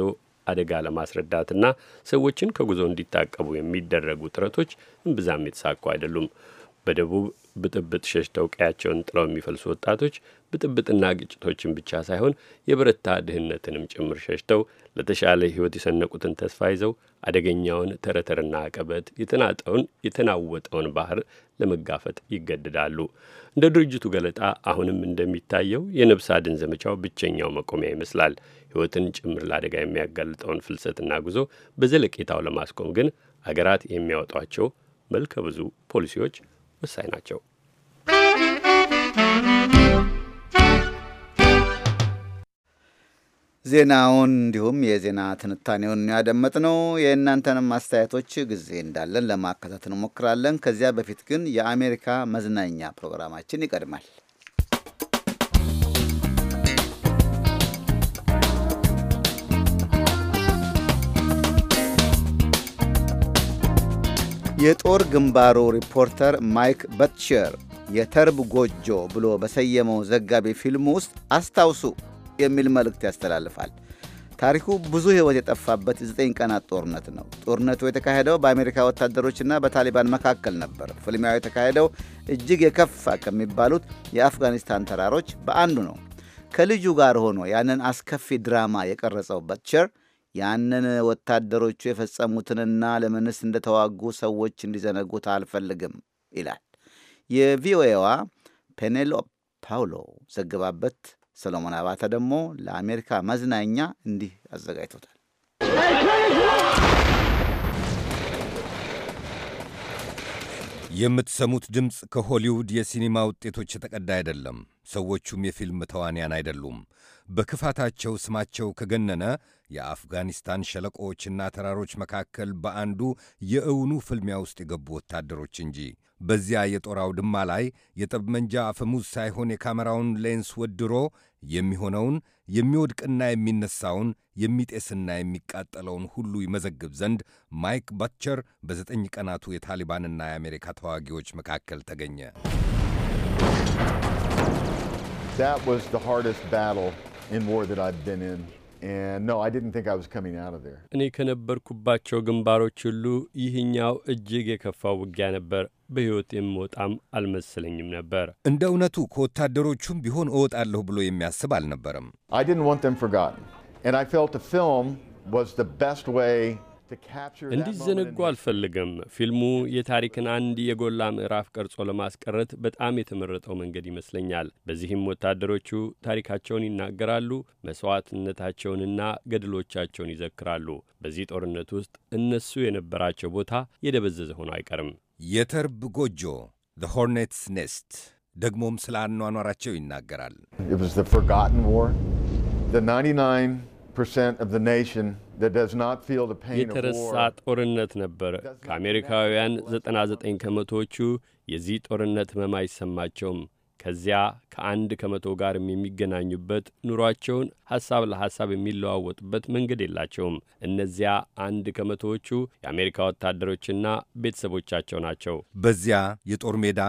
አደጋ ለማስረዳትና ሰዎችን ከጉዞ እንዲታቀቡ የሚደረጉ ጥረቶች እምብዛም የተሳኩ አይደሉም። በደቡብ ብጥብጥ ሸሽተው ቀያቸውን ጥለው የሚፈልሱ ወጣቶች ብጥብጥና ግጭቶችን ብቻ ሳይሆን የበረታ ድህነትንም ጭምር ሸሽተው ለተሻለ ሕይወት የሰነቁትን ተስፋ ይዘው አደገኛውን ተረተርና አቀበት የተናጠውን የተናወጠውን ባህር ለመጋፈጥ ይገደዳሉ። እንደ ድርጅቱ ገለጣ አሁንም እንደሚታየው የነብስ አድን ዘመቻው ብቸኛው መቆሚያ ይመስላል። ሕይወትን ጭምር ለአደጋ የሚያጋልጠውን ፍልሰትና ጉዞ በዘለቄታው ለማስቆም ግን አገራት የሚያወጧቸው መልከ ብዙ ፖሊሲዎች ወሳኝ ናቸው። ዜናውን እንዲሁም የዜና ትንታኔውን ነው። የእናንተንም አስተያየቶች ጊዜ እንዳለን ለማካተት እንሞክራለን። ከዚያ በፊት ግን የአሜሪካ መዝናኛ ፕሮግራማችን ይቀድማል። የጦር ግንባሩ ሪፖርተር ማይክ በትሸር የተርብ ጎጆ ብሎ በሰየመው ዘጋቢ ፊልም ውስጥ አስታውሱ የሚል መልእክት ያስተላልፋል። ታሪኩ ብዙ ሕይወት የጠፋበት የዘጠኝ ቀናት ጦርነት ነው። ጦርነቱ የተካሄደው በአሜሪካ ወታደሮችና በታሊባን መካከል ነበር። ፍልሚያው የተካሄደው እጅግ የከፋ ከሚባሉት የአፍጋኒስታን ተራሮች በአንዱ ነው። ከልጁ ጋር ሆኖ ያንን አስከፊ ድራማ የቀረጸው በትሸር ያንን ወታደሮቹ የፈጸሙትንና ለምንስ እንደተዋጉ ሰዎች እንዲዘነጉት አልፈልግም ይላል የቪኦኤዋ ፔኔሎ ፓውሎ ዘግባበት። ሰሎሞን አባተ ደግሞ ለአሜሪካ መዝናኛ እንዲህ አዘጋጅቶታል። የምትሰሙት ድምፅ ከሆሊውድ የሲኒማ ውጤቶች የተቀዳ አይደለም። ሰዎቹም የፊልም ተዋንያን አይደሉም። በክፋታቸው ስማቸው ከገነነ የአፍጋኒስታን ሸለቆዎችና ተራሮች መካከል በአንዱ የእውኑ ፍልሚያ ውስጥ የገቡ ወታደሮች እንጂ። በዚያ የጦር አውድማ ላይ የጠመንጃ አፈሙዝ ሳይሆን የካሜራውን ሌንስ ወድሮ የሚሆነውን የሚወድቅና የሚነሳውን የሚጤስና የሚቃጠለውን ሁሉ ይመዘግብ ዘንድ ማይክ ባቸር በዘጠኝ ቀናቱ የታሊባንና የአሜሪካ ተዋጊዎች መካከል ተገኘ። That was the hardest battle in war that I've been in. And no, I didn't think I was coming out of there. እኔ ከነበርኩባቸው ግንባሮች ሁሉ ይህኛው እጅግ የከፋው ውጊያ ነበር። በሕይወት የምወጣም አልመሰለኝም ነበር። እንደ እውነቱ ከወታደሮቹም ቢሆን እወጣለሁ ብሎ የሚያስብ አልነበረም። I didn't want them forgotten. And I felt the film was the best way እንዲዘነጉ አልፈልግም። ፊልሙ የታሪክን አንድ የጎላ ምዕራፍ ቀርጾ ለማስቀረት በጣም የተመረጠው መንገድ ይመስለኛል። በዚህም ወታደሮቹ ታሪካቸውን ይናገራሉ፣ መስዋዕትነታቸውንና ገድሎቻቸውን ይዘክራሉ። በዚህ ጦርነት ውስጥ እነሱ የነበራቸው ቦታ የደበዘዘ ሆኖ አይቀርም። የተርብ ጎጆ ዘ ሆርኔትስ ኔስት ደግሞም ስለ አኗኗራቸው ይናገራል። የተረሳ ጦርነት ነበር። ከአሜሪካውያን 99 ከመቶዎቹ የዚህ ጦርነት ህመም አይሰማቸውም። ከዚያ ከአንድ ከመቶ ጋርም የሚገናኙበት ኑሯቸውን ሐሳብ ለሐሳብ የሚለዋወጡበት መንገድ የላቸውም። እነዚያ አንድ ከመቶዎቹ የአሜሪካ ወታደሮችና ቤተሰቦቻቸው ናቸው። በዚያ የጦር ሜዳ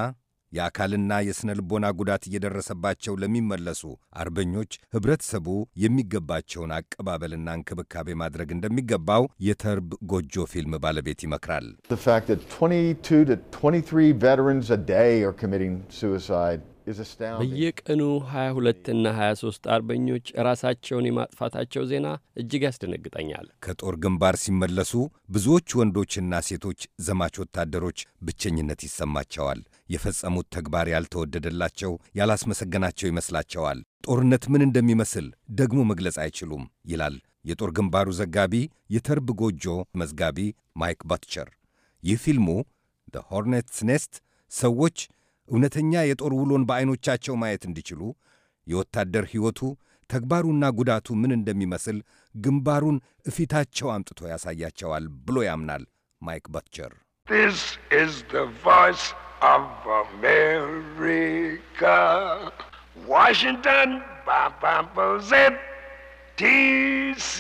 የአካልና የሥነ ልቦና ጉዳት እየደረሰባቸው ለሚመለሱ አርበኞች ኅብረተሰቡ የሚገባቸውን አቀባበልና እንክብካቤ ማድረግ እንደሚገባው የተርብ ጎጆ ፊልም ባለቤት ይመክራል። በየቀኑ 22ና 23 አርበኞች ራሳቸውን የማጥፋታቸው ዜና እጅግ ያስደነግጠኛል። ከጦር ግንባር ሲመለሱ ብዙዎች ወንዶችና ሴቶች ዘማች ወታደሮች ብቸኝነት ይሰማቸዋል። የፈጸሙት ተግባር ያልተወደደላቸው ያላስመሰገናቸው ይመስላቸዋል። ጦርነት ምን እንደሚመስል ደግሞ መግለጽ አይችሉም ይላል የጦር ግንባሩ ዘጋቢ የተርብ ጎጆ መዝጋቢ ማይክ ባትቸር። ይህ ፊልሙ ደ ሆርኔትስ ኔስት ሰዎች እውነተኛ የጦር ውሎን በዐይኖቻቸው ማየት እንዲችሉ የወታደር ሕይወቱ ተግባሩና ጉዳቱ ምን እንደሚመስል ግንባሩን እፊታቸው አምጥቶ ያሳያቸዋል ብሎ ያምናል ማይክ ባትቸር። This is the voice of America. Washington, ba ba ba zip, DC.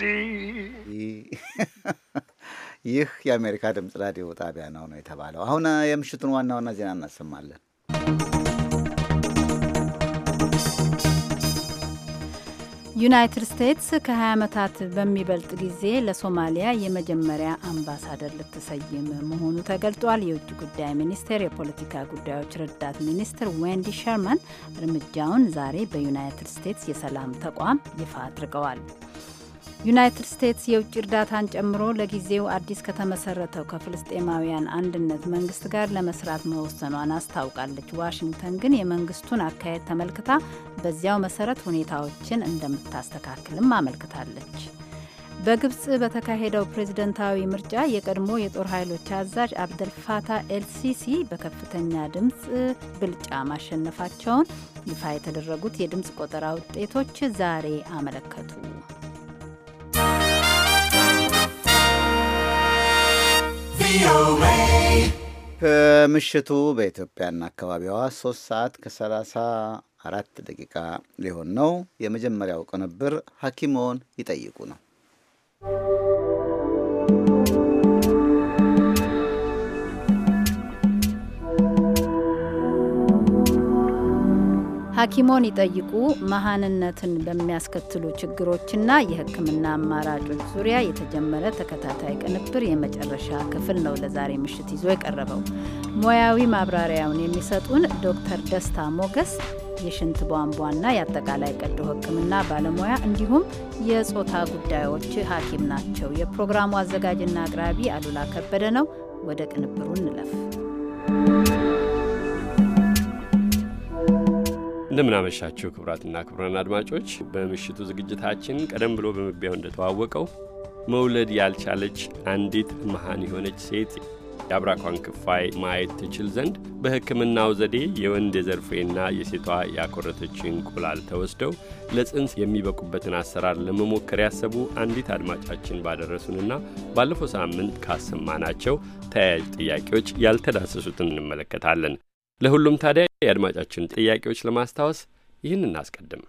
ይህ የአሜሪካ ድምፅ ራዲዮ ጣቢያ ነው ነው የተባለው። አሁን የምሽቱን ዋና ዋና ዜና እናሰማለን። ዩናይትድ ስቴትስ ከ20 ዓመታት በሚበልጥ ጊዜ ለሶማሊያ የመጀመሪያ አምባሳደር ልትሰይም መሆኑ ተገልጧል። የውጭ ጉዳይ ሚኒስቴር የፖለቲካ ጉዳዮች ረዳት ሚኒስትር ዌንዲ ሸርማን እርምጃውን ዛሬ በዩናይትድ ስቴትስ የሰላም ተቋም ይፋ አድርገዋል። ዩናይትድ ስቴትስ የውጭ እርዳታን ጨምሮ ለጊዜው አዲስ ከተመሰረተው ከፍልስጤማውያን አንድነት መንግስት ጋር ለመስራት መወሰኗን አስታውቃለች። ዋሽንግተን ግን የመንግስቱን አካሄድ ተመልክታ በዚያው መሰረት ሁኔታዎችን እንደምታስተካክልም አመልክታለች። በግብፅ በተካሄደው ፕሬዝደንታዊ ምርጫ የቀድሞ የጦር ኃይሎች አዛዥ አብደልፋታ ኤልሲሲ በከፍተኛ ድምፅ ብልጫ ማሸነፋቸውን ይፋ የተደረጉት የድምፅ ቆጠራ ውጤቶች ዛሬ አመለከቱ። ከምሽቱ በኢትዮጵያና አካባቢዋ ሶስት ሰዓት ከሰላሳ አራት ደቂቃ ሊሆን ነው። የመጀመሪያው ቅንብር ሐኪሞን ይጠይቁ ነው። ሐኪሞን ይጠይቁ መሀንነትን በሚያስከትሉ ችግሮችና የሕክምና አማራጮች ዙሪያ የተጀመረ ተከታታይ ቅንብር የመጨረሻ ክፍል ነው ለዛሬ ምሽት ይዞ የቀረበው። ሙያዊ ማብራሪያውን የሚሰጡን ዶክተር ደስታ ሞገስ የሽንት ቧንቧና የአጠቃላይ ቀዶ ሕክምና ባለሙያ እንዲሁም የጾታ ጉዳዮች ሐኪም ናቸው። የፕሮግራሙ አዘጋጅና አቅራቢ አሉላ ከበደ ነው። ወደ ቅንብሩ እንለፍ። እንደምናመሻችሁ ክቡራትና ክቡራን አድማጮች በምሽቱ ዝግጅታችን ቀደም ብሎ በመግቢያው እንደተዋወቀው መውለድ ያልቻለች አንዲት መሃን የሆነች ሴት የአብራኳን ክፋይ ማየት ትችል ዘንድ በሕክምናው ዘዴ የወንድ የዘርፌና የሴቷ ያኮረተች እንቁላል ተወስደው ለጽንስ የሚበቁበትን አሰራር ለመሞከር ያሰቡ አንዲት አድማጫችን ባደረሱንና ባለፈው ሳምንት ካሰማናቸው ተያያዥ ጥያቄዎች ያልተዳሰሱትን እንመለከታለን። ለሁሉም ታዲያ የአድማጫችን ጥያቄዎች ለማስታወስ ይህን እናስቀድም።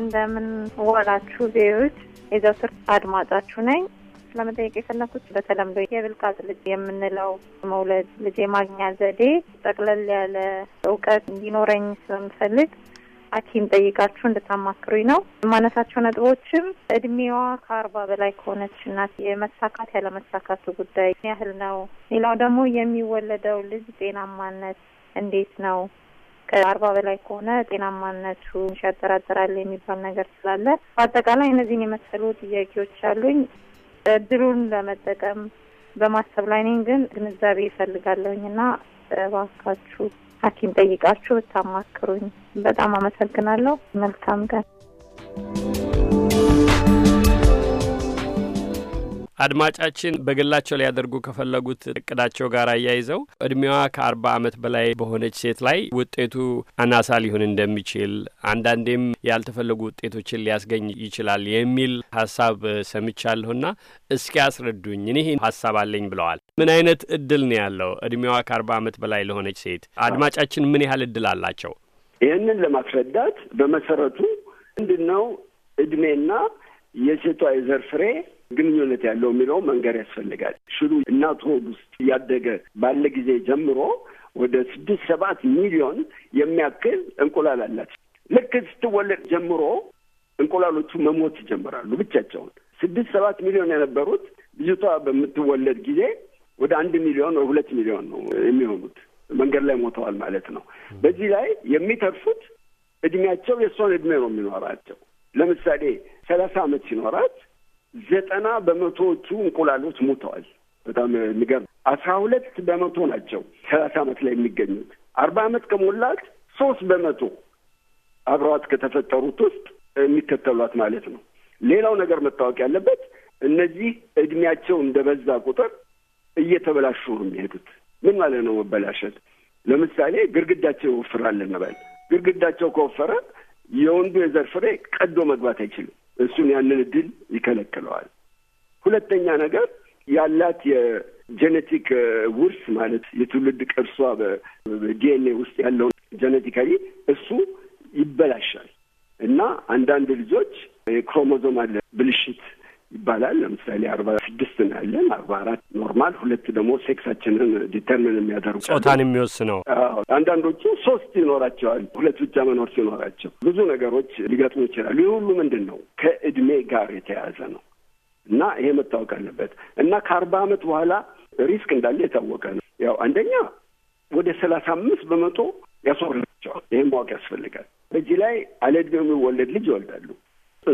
እንደምን ዋላችሁ ዜዎች፣ የዘውትር አድማጫችሁ ነኝ። ለመጠየቅ የፈለኩት በተለምዶ የብልቃጥ ልጅ የምንለው መውለድ ልጅ የማግኛ ዘዴ ጠቅለል ያለ እውቀት እንዲኖረኝ ስለምፈልግ ሐኪም ጠይቃችሁ እንድታማክሩኝ ነው። የማነሳቸው ነጥቦችም እድሜዋ ከአርባ በላይ ከሆነች እናት የመሳካት ያለመሳካቱ ጉዳይ ያህል ነው። ሌላው ደግሞ የሚወለደው ልጅ ጤናማነት እንዴት ነው? ከአርባ በላይ ከሆነ ጤናማነቱ ያጠራጥራል የሚባል ነገር ስላለ በአጠቃላይ እነዚህን የመሰሉ ጥያቄዎች አሉኝ። እድሉን ለመጠቀም በማሰብ ላይ ነኝ፣ ግን ግንዛቤ ይፈልጋለሁኝ እና እባካችሁ ሐኪም ጠይቃችሁ ብታማክሩኝ በጣም አመሰግናለሁ። መልካም ቀን። አድማጫችን በግላቸው ሊያደርጉ ከፈለጉት እቅዳቸው ጋር አያይዘው እድሜዋ ከአርባ ዓመት በላይ በሆነች ሴት ላይ ውጤቱ አናሳ ሊሆን እንደሚችል አንዳንዴም ያልተፈለጉ ውጤቶችን ሊያስገኝ ይችላል የሚል ሀሳብ ሰምቻለሁና እስኪ አስረዱኝ። እኔህ ሀሳብ አለኝ ብለዋል። ምን አይነት እድል ነው ያለው እድሜዋ ከአርባ ዓመት በላይ ለሆነች ሴት? አድማጫችን ምን ያህል እድል አላቸው? ይህንን ለማስረዳት በመሰረቱ ምንድን ነው እድሜና የሴቷ የዘር ፍሬ ግንኙነት ያለው የሚለው መንገድ ያስፈልጋል። ሽሉ እናት ሆድ ውስጥ እያደገ ባለ ጊዜ ጀምሮ ወደ ስድስት ሰባት ሚሊዮን የሚያክል እንቁላል አላት። ልክ ስትወለድ ጀምሮ እንቁላሎቹ መሞት ይጀምራሉ ብቻቸውን። ስድስት ሰባት ሚሊዮን የነበሩት ልጅቷ በምትወለድ ጊዜ ወደ አንድ ሚሊዮን ወይ ሁለት ሚሊዮን ነው የሚሆኑት። መንገድ ላይ ሞተዋል ማለት ነው። በዚህ ላይ የሚተርፉት እድሜያቸው የእሷን እድሜ ነው የሚኖራቸው። ለምሳሌ ሰላሳ ዓመት ሲኖራት ዘጠና በመቶዎቹ እንቁላሎች ሞተዋል። በጣም የሚገርም አስራ ሁለት በመቶ ናቸው ሰላሳ አመት ላይ የሚገኙት። አርባ አመት ከሞላት ሶስት በመቶ አብረዋት ከተፈጠሩት ውስጥ የሚከተሏት ማለት ነው። ሌላው ነገር መታወቅ ያለበት እነዚህ እድሜያቸው እንደበዛ ቁጥር እየተበላሹ ነው የሚሄዱት። ምን ማለት ነው መበላሸት? ለምሳሌ ግድግዳቸው ይወፍራል እንበል። ግርግዳቸው ከወፈረ የወንዱ የዘር ፍሬ ቀዶ መግባት አይችልም። እሱን ያንን እድል ይከለክለዋል። ሁለተኛ ነገር ያላት የጄኔቲክ ውርስ ማለት የትውልድ ቅርሷ በዲኤንኤ ውስጥ ያለውን ጄኔቲካሊ እሱ ይበላሻል እና አንዳንድ ልጆች የክሮሞዞም አለ ብልሽት ይባላል። ለምሳሌ አርባ ስድስት ነው ያለን፣ አርባ አራት ኖርማል፣ ሁለት ደግሞ ሴክሳችንን ዲተርምን የሚያደርጉ ጾታን የሚወስነው። አንዳንዶቹ ሶስት ይኖራቸዋል፣ ሁለት ብቻ መኖር ሲኖራቸው ብዙ ነገሮች ሊገጥሙ ይችላሉ። ይህ ሁሉ ምንድን ነው ከእድሜ ጋር የተያያዘ ነው እና ይሄ መታወቅ አለበት እና ከአርባ አመት በኋላ ሪስክ እንዳለ የታወቀ ነው። ያው አንደኛ ወደ ሰላሳ አምስት በመቶ ያስወርላቸዋል። ይህም ማወቅ ያስፈልጋል። በዚህ ላይ አለ የሚወለድ ልጅ ይወልዳሉ።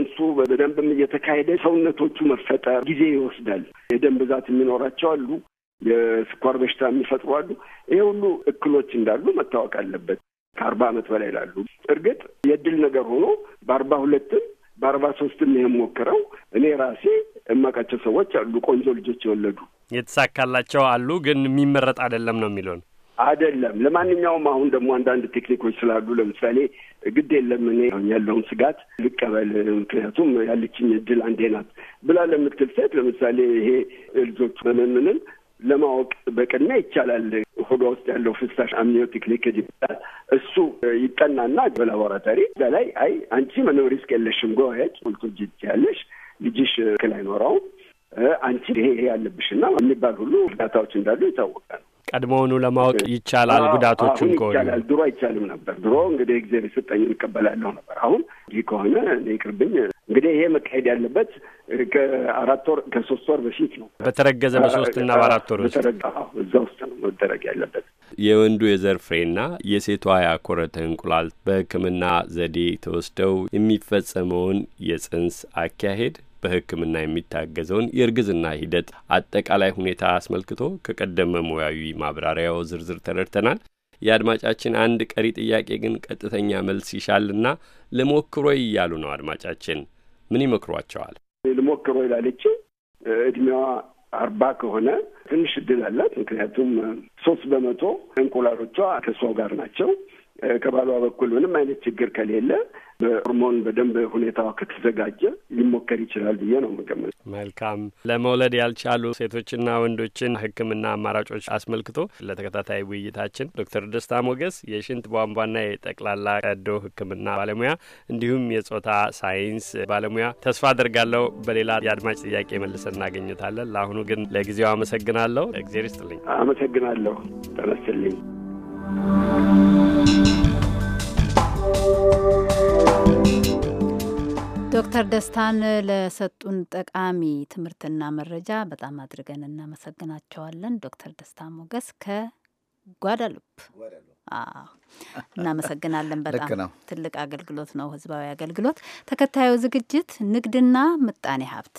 እሱ በደንብም እየተካሄደ ሰውነቶቹ መፈጠር ጊዜ ይወስዳል። የደም ብዛት የሚኖራቸው አሉ፣ የስኳር በሽታ የሚፈጥሩ አሉ። ይሄ ሁሉ እክሎች እንዳሉ መታወቅ አለበት። ከአርባ ዓመት በላይ ላሉ እርግጥ የድል ነገር ሆኖ በአርባ ሁለትም በአርባ ሶስትም ይሄን ሞክረው እኔ ራሴ እማቃቸው ሰዎች አሉ ቆንጆ ልጆች የወለዱ የተሳካላቸው አሉ። ግን የሚመረጥ አይደለም ነው የሚለውን አይደለም። ለማንኛውም አሁን ደግሞ አንዳንድ ቴክኒኮች ስላሉ ለምሳሌ ግድ የለም እኔ ያለውን ስጋት ልቀበል፣ ምክንያቱም ያለችኝ እድል አንዴ ናት ብላ ለምትል ሴት ለምሳሌ ይሄ ልጆች በምምንም ለማወቅ በቅድሚያ ይቻላል። ሆዷ ውስጥ ያለው ፍሳሽ አምኒዮቲክ ሊክድ ይባላል። እሱ ይጠናና በላቦራቶሪ በላይ አይ አንቺ ምንም ሪስክ የለሽም ጎሄድ ሁልቶጅ ያለሽ ልጅሽ ክል አይኖረውም አንቺ ይሄ ይሄ ያለብሽና የሚባል ሁሉ እርዳታዎች እንዳሉ ይታወቃል። ቀድሞውኑ ለማወቅ ይቻላል። ጉዳቶቹን ከሆኑ ይቻላል። ድሮ አይቻልም ነበር። ድሮ እንግዲህ እግዚአብሔር የሰጠኝ እንቀበላለሁ ነበር። አሁን ይህ ከሆነ እኔ ይቅርብኝ። እንግዲህ ይሄ መካሄድ ያለበት ከአራት ወር ከሶስት ወር በፊት ነው። በተረገዘ በሶስት እና በአራት ወር ውስጥ እዛ ውስጥ ነው መደረግ ያለበት። የወንዱ የዘር ፍሬና የሴቷ ያኮረተ እንቁላል በሕክምና ዘዴ ተወስደው የሚፈጸመውን የጽንስ አካሄድ በሕክምና የሚታገዘውን የእርግዝና ሂደት አጠቃላይ ሁኔታ አስመልክቶ ከቀደመ ሙያዊ ማብራሪያው ዝርዝር ተረድተናል። የአድማጫችን አንድ ቀሪ ጥያቄ ግን ቀጥተኛ መልስ ይሻልና ልሞክሮ እያሉ ነው። አድማጫችን ምን ይመክሯቸዋል? ልሞክሮ ይላለች። እድሜዋ አርባ ከሆነ ትንሽ እድል አላት። ምክንያቱም ሶስት በመቶ እንቁላሎቿ ከሷ ጋር ናቸው። ከባሏ በኩል ምንም አይነት ችግር ከሌለ በሆርሞን በደንብ ሁኔታ ከተዘጋጀ ሊሞከር ይችላል ብዬ ነው የምገምተው። መልካም። ለመውለድ ያልቻሉ ሴቶችና ወንዶችን ሕክምና አማራጮች አስመልክቶ ለተከታታይ ውይይታችን ዶክተር ደስታ ሞገስ የሽንት ቧንቧና የጠቅላላ ቀዶ ሕክምና ባለሙያ እንዲሁም የጾታ ሳይንስ ባለሙያ ተስፋ አድርጋለሁ በሌላ የአድማጭ ጥያቄ መልሰን እናገኘታለን። ለአሁኑ ግን ለጊዜው አመሰግናለሁ። እግዜር ይስጥልኝ። አመሰግናለሁ። ተመስልኝ ዶክተር ደስታን ለሰጡን ጠቃሚ ትምህርትና መረጃ በጣም አድርገን እናመሰግናቸዋለን። ዶክተር ደስታ ሞገስ ከጓዳሉፕ እናመሰግናለን። በጣም ትልቅ አገልግሎት ነው፣ ህዝባዊ አገልግሎት። ተከታዩ ዝግጅት ንግድና ምጣኔ ሀብት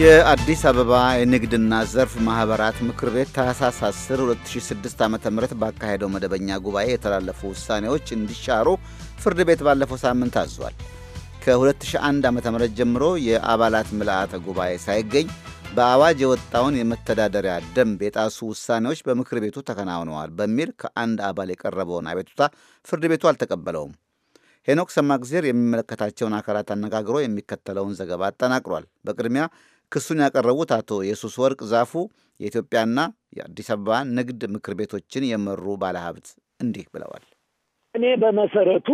የአዲስ አበባ የንግድና ዘርፍ ማህበራት ምክር ቤት ታህሳስ 10 2006 ዓ ም ባካሄደው መደበኛ ጉባኤ የተላለፉ ውሳኔዎች እንዲሻሩ ፍርድ ቤት ባለፈው ሳምንት አዟል። ከ2001 ዓ ም ጀምሮ የአባላት ምልአተ ጉባኤ ሳይገኝ በአዋጅ የወጣውን የመተዳደሪያ ደንብ የጣሱ ውሳኔዎች በምክር ቤቱ ተከናውነዋል በሚል ከአንድ አባል የቀረበውን አቤቱታ ፍርድ ቤቱ አልተቀበለውም። ሄኖክ ሰማግዜር የሚመለከታቸውን አካላት አነጋግሮ የሚከተለውን ዘገባ አጠናቅሯል። በቅድሚያ ክሱን ያቀረቡት አቶ የሱስ ወርቅ ዛፉ የኢትዮጵያና የአዲስ አበባ ንግድ ምክር ቤቶችን የመሩ ባለሀብት እንዲህ ብለዋል። እኔ በመሰረቱ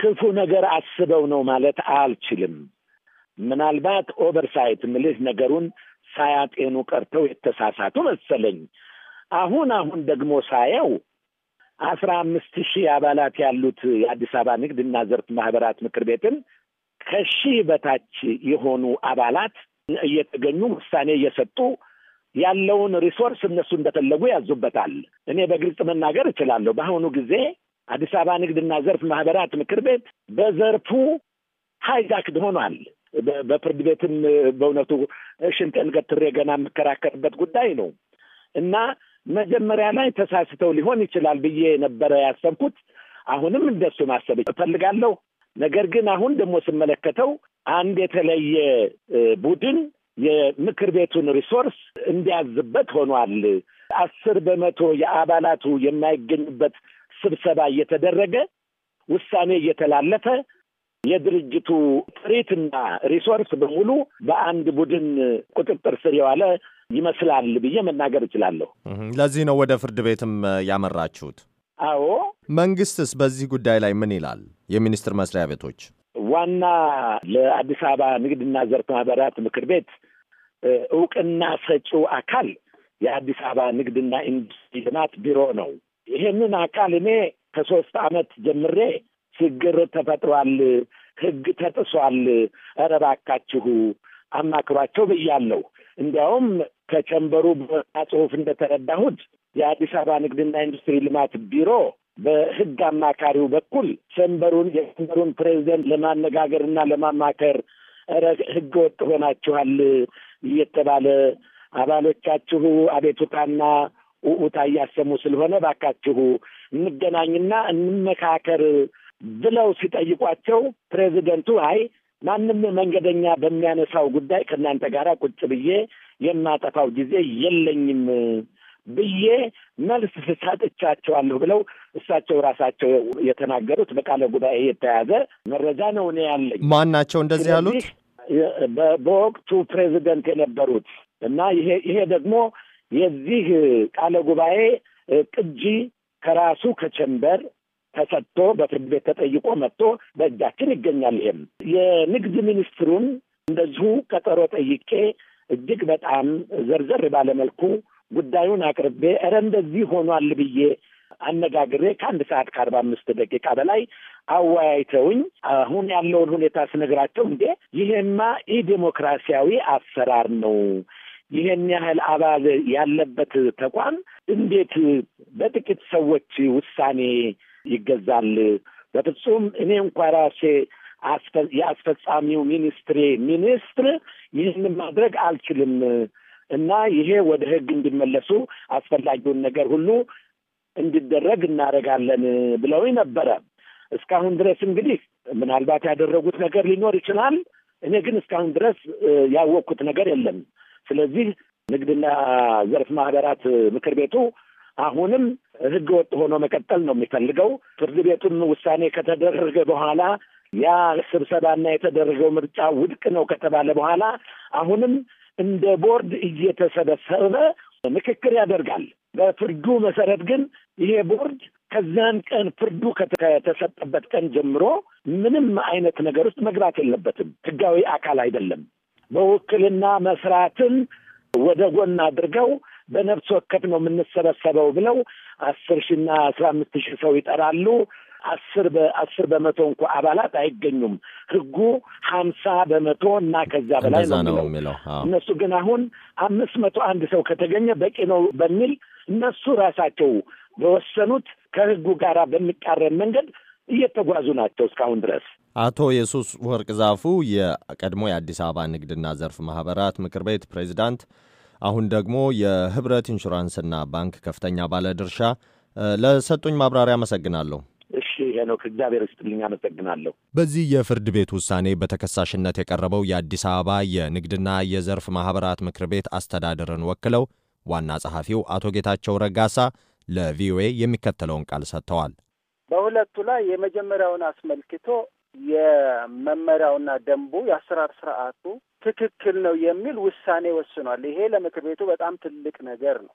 ክፉ ነገር አስበው ነው ማለት አልችልም። ምናልባት ኦቨርሳይት ምልህ ነገሩን ሳያጤኑ ቀርተው የተሳሳቱ መሰለኝ። አሁን አሁን ደግሞ ሳየው አስራ አምስት ሺህ አባላት ያሉት የአዲስ አበባ ንግድና ዘርፍ ማህበራት ምክር ቤትን ከሺህ በታች የሆኑ አባላት እየተገኙ ውሳኔ እየሰጡ ያለውን ሪሶርስ እነሱ እንደፈለጉ ያዙበታል። እኔ በግልጽ መናገር እችላለሁ። በአሁኑ ጊዜ አዲስ አበባ ንግድና ዘርፍ ማህበራት ምክር ቤት በዘርፉ ሃይጃክድ ሆኗል። በፍርድ ቤትም በእውነቱ ሽንጤን ገትሬ ገና የምከራከርበት ጉዳይ ነው እና መጀመሪያ ላይ ተሳስተው ሊሆን ይችላል ብዬ ነበረ ያሰብኩት። አሁንም እንደሱ ማሰብ እፈልጋለሁ። ነገር ግን አሁን ደግሞ ስመለከተው አንድ የተለየ ቡድን የምክር ቤቱን ሪሶርስ እንዲያዝበት ሆኗል። አስር በመቶ የአባላቱ የማይገኙበት ስብሰባ እየተደረገ ውሳኔ እየተላለፈ የድርጅቱ ጥሪትና ሪሶርስ በሙሉ በአንድ ቡድን ቁጥጥር ስር የዋለ ይመስላል ብዬ መናገር እችላለሁ። ለዚህ ነው ወደ ፍርድ ቤትም ያመራችሁት? አዎ። መንግስትስ በዚህ ጉዳይ ላይ ምን ይላል? የሚኒስቴር መስሪያ ቤቶች ዋና ለአዲስ አበባ ንግድና ዘርፍ ማህበራት ምክር ቤት እውቅና ሰጪው አካል የአዲስ አበባ ንግድና ኢንዱስትሪ ልማት ቢሮ ነው። ይሄንን አካል እኔ ከሶስት ዓመት ጀምሬ ችግር ተፈጥሯል፣ ህግ ተጥሷል፣ ኧረ እባካችሁ አማክሯቸው ብያለሁ። እንዲያውም ከቸንበሩ በወጣ ጽሁፍ እንደተረዳሁት የአዲስ አበባ ንግድና ኢንዱስትሪ ልማት ቢሮ በህግ አማካሪው በኩል ሸንበሩን የሸንበሩን ፕሬዚደንት ለማነጋገርና ለማማከር ኧረ ህገ ወጥ ሆናችኋል እየተባለ አባሎቻችሁ አቤቱታና ውታ እያሰሙ ስለሆነ ባካችሁ እንገናኝና እንመካከር ብለው ሲጠይቋቸው ፕሬዚደንቱ አይ ማንም መንገደኛ በሚያነሳው ጉዳይ ከእናንተ ጋር ቁጭ ብዬ የማጠፋው ጊዜ የለኝም ብዬ መልስ ሳጥቻቸዋለሁ ብለው እሳቸው ራሳቸው የተናገሩት በቃለ ጉባኤ የተያዘ መረጃ ነው እኔ ያለኝ። ማን ናቸው እንደዚህ ያሉት? በወቅቱ ፕሬዚደንት የነበሩት እና ይሄ ደግሞ የዚህ ቃለ ጉባኤ ቅጂ ከራሱ ከቸንበር ተሰጥቶ በፍርድ ቤት ተጠይቆ መጥቶ በእጃችን ይገኛል። ይሄም የንግድ ሚኒስትሩን እንደዚሁ ቀጠሮ ጠይቄ እጅግ በጣም ዘርዘር ባለመልኩ ጉዳዩን አቅርቤ ረ እንደዚህ ሆኗል ብዬ አነጋግሬ ከአንድ ሰዓት ከአርባ አምስት ደቂቃ በላይ አወያይተውኝ አሁን ያለውን ሁኔታ ስነግራቸው እንዴ ይሄማ ኢ ዴሞክራሲያዊ አሰራር ነው ይሄን ያህል አባል ያለበት ተቋም እንዴት በጥቂት ሰዎች ውሳኔ ይገዛል? በፍጹም እኔ እንኳ ራሴ የአስፈጻሚው ሚኒስትሬ ሚኒስትር ይህን ማድረግ አልችልም እና ይሄ ወደ ህግ እንዲመለሱ አስፈላጊውን ነገር ሁሉ እንዲደረግ እናደርጋለን ብለው ነበረ። እስካሁን ድረስ እንግዲህ ምናልባት ያደረጉት ነገር ሊኖር ይችላል። እኔ ግን እስካሁን ድረስ ያወቅኩት ነገር የለም። ስለዚህ ንግድና ዘርፍ ማህበራት ምክር ቤቱ አሁንም ሕገ ወጥ ሆኖ መቀጠል ነው የሚፈልገው። ፍርድ ቤቱም ውሳኔ ከተደረገ በኋላ ያ ስብሰባና የተደረገው ምርጫ ውድቅ ነው ከተባለ በኋላ አሁንም እንደ ቦርድ እየተሰበሰበ ምክክር ያደርጋል። በፍርዱ መሰረት ግን ይሄ ቦርድ ከዛን ቀን ፍርዱ ከተሰጠበት ቀን ጀምሮ ምንም አይነት ነገር ውስጥ መግባት የለበትም። ህጋዊ አካል አይደለም። በውክልና መስራትን ወደ ጎን አድርገው በነፍስ ወከፍ ነው የምንሰበሰበው ብለው አስር ሺና አስራ አምስት ሺህ ሰው ይጠራሉ። አስር በአስር በመቶ እንኳ አባላት አይገኙም። ህጉ ሀምሳ በመቶ እና ከዛ በላይ ነው የሚለው። እነሱ ግን አሁን አምስት መቶ አንድ ሰው ከተገኘ በቂ ነው በሚል እነሱ ራሳቸው በወሰኑት ከህጉ ጋር በሚቃረን መንገድ እየተጓዙ ናቸው እስካሁን ድረስ። አቶ የሱስ ወርቅ ዛፉ የቀድሞ የአዲስ አበባ ንግድና ዘርፍ ማህበራት ምክር ቤት ፕሬዚዳንት፣ አሁን ደግሞ የህብረት ኢንሹራንስና ባንክ ከፍተኛ ባለድርሻ ለሰጡኝ ማብራሪያ አመሰግናለሁ። እሺ ሄኖክ፣ እግዚአብሔር ይስጥልኝ፣ አመሰግናለሁ። በዚህ የፍርድ ቤት ውሳኔ በተከሳሽነት የቀረበው የአዲስ አበባ የንግድና የዘርፍ ማኅበራት ምክር ቤት አስተዳደርን ወክለው ዋና ጸሐፊው አቶ ጌታቸው ረጋሳ ለቪኦኤ የሚከተለውን ቃል ሰጥተዋል። በሁለቱ ላይ የመጀመሪያውን አስመልክቶ የመመሪያውና ደንቡ የአሰራር ስርዓቱ ትክክል ነው የሚል ውሳኔ ወስኗል። ይሄ ለምክር ቤቱ በጣም ትልቅ ነገር ነው።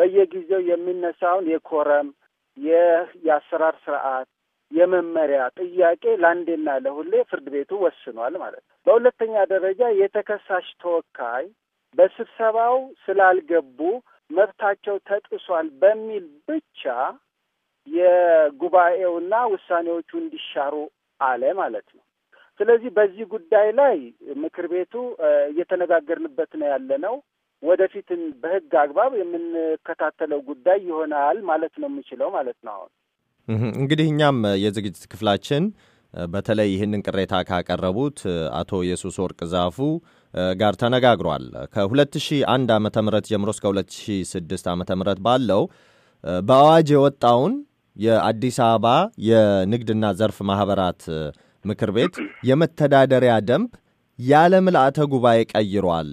በየጊዜው የሚነሳውን የኮረም የአሰራር ስርዓት የመመሪያ ጥያቄ ለአንዴና ለሁሌ ፍርድ ቤቱ ወስኗል ማለት ነው። በሁለተኛ ደረጃ የተከሳሽ ተወካይ በስብሰባው ስላልገቡ መብታቸው ተጥሷል በሚል ብቻ የጉባኤውና ውሳኔዎቹ እንዲሻሩ አለ ማለት ነው። ስለዚህ በዚህ ጉዳይ ላይ ምክር ቤቱ እየተነጋገርንበት ነው ያለነው። ወደፊትን በህግ አግባብ የምንከታተለው ጉዳይ ይሆናል ማለት ነው የምችለው ማለት ነው። አሁን እንግዲህ እኛም የዝግጅት ክፍላችን በተለይ ይህንን ቅሬታ ካቀረቡት አቶ ኢየሱስ ወርቅ ዛፉ ጋር ተነጋግሯል። ከ2001 ዓ ም ጀምሮ እስከ 2006 ዓ ም ባለው በአዋጅ የወጣውን የአዲስ አበባ የንግድና ዘርፍ ማህበራት ምክር ቤት የመተዳደሪያ ደንብ ያለ ምልአተ ጉባኤ ቀይሯል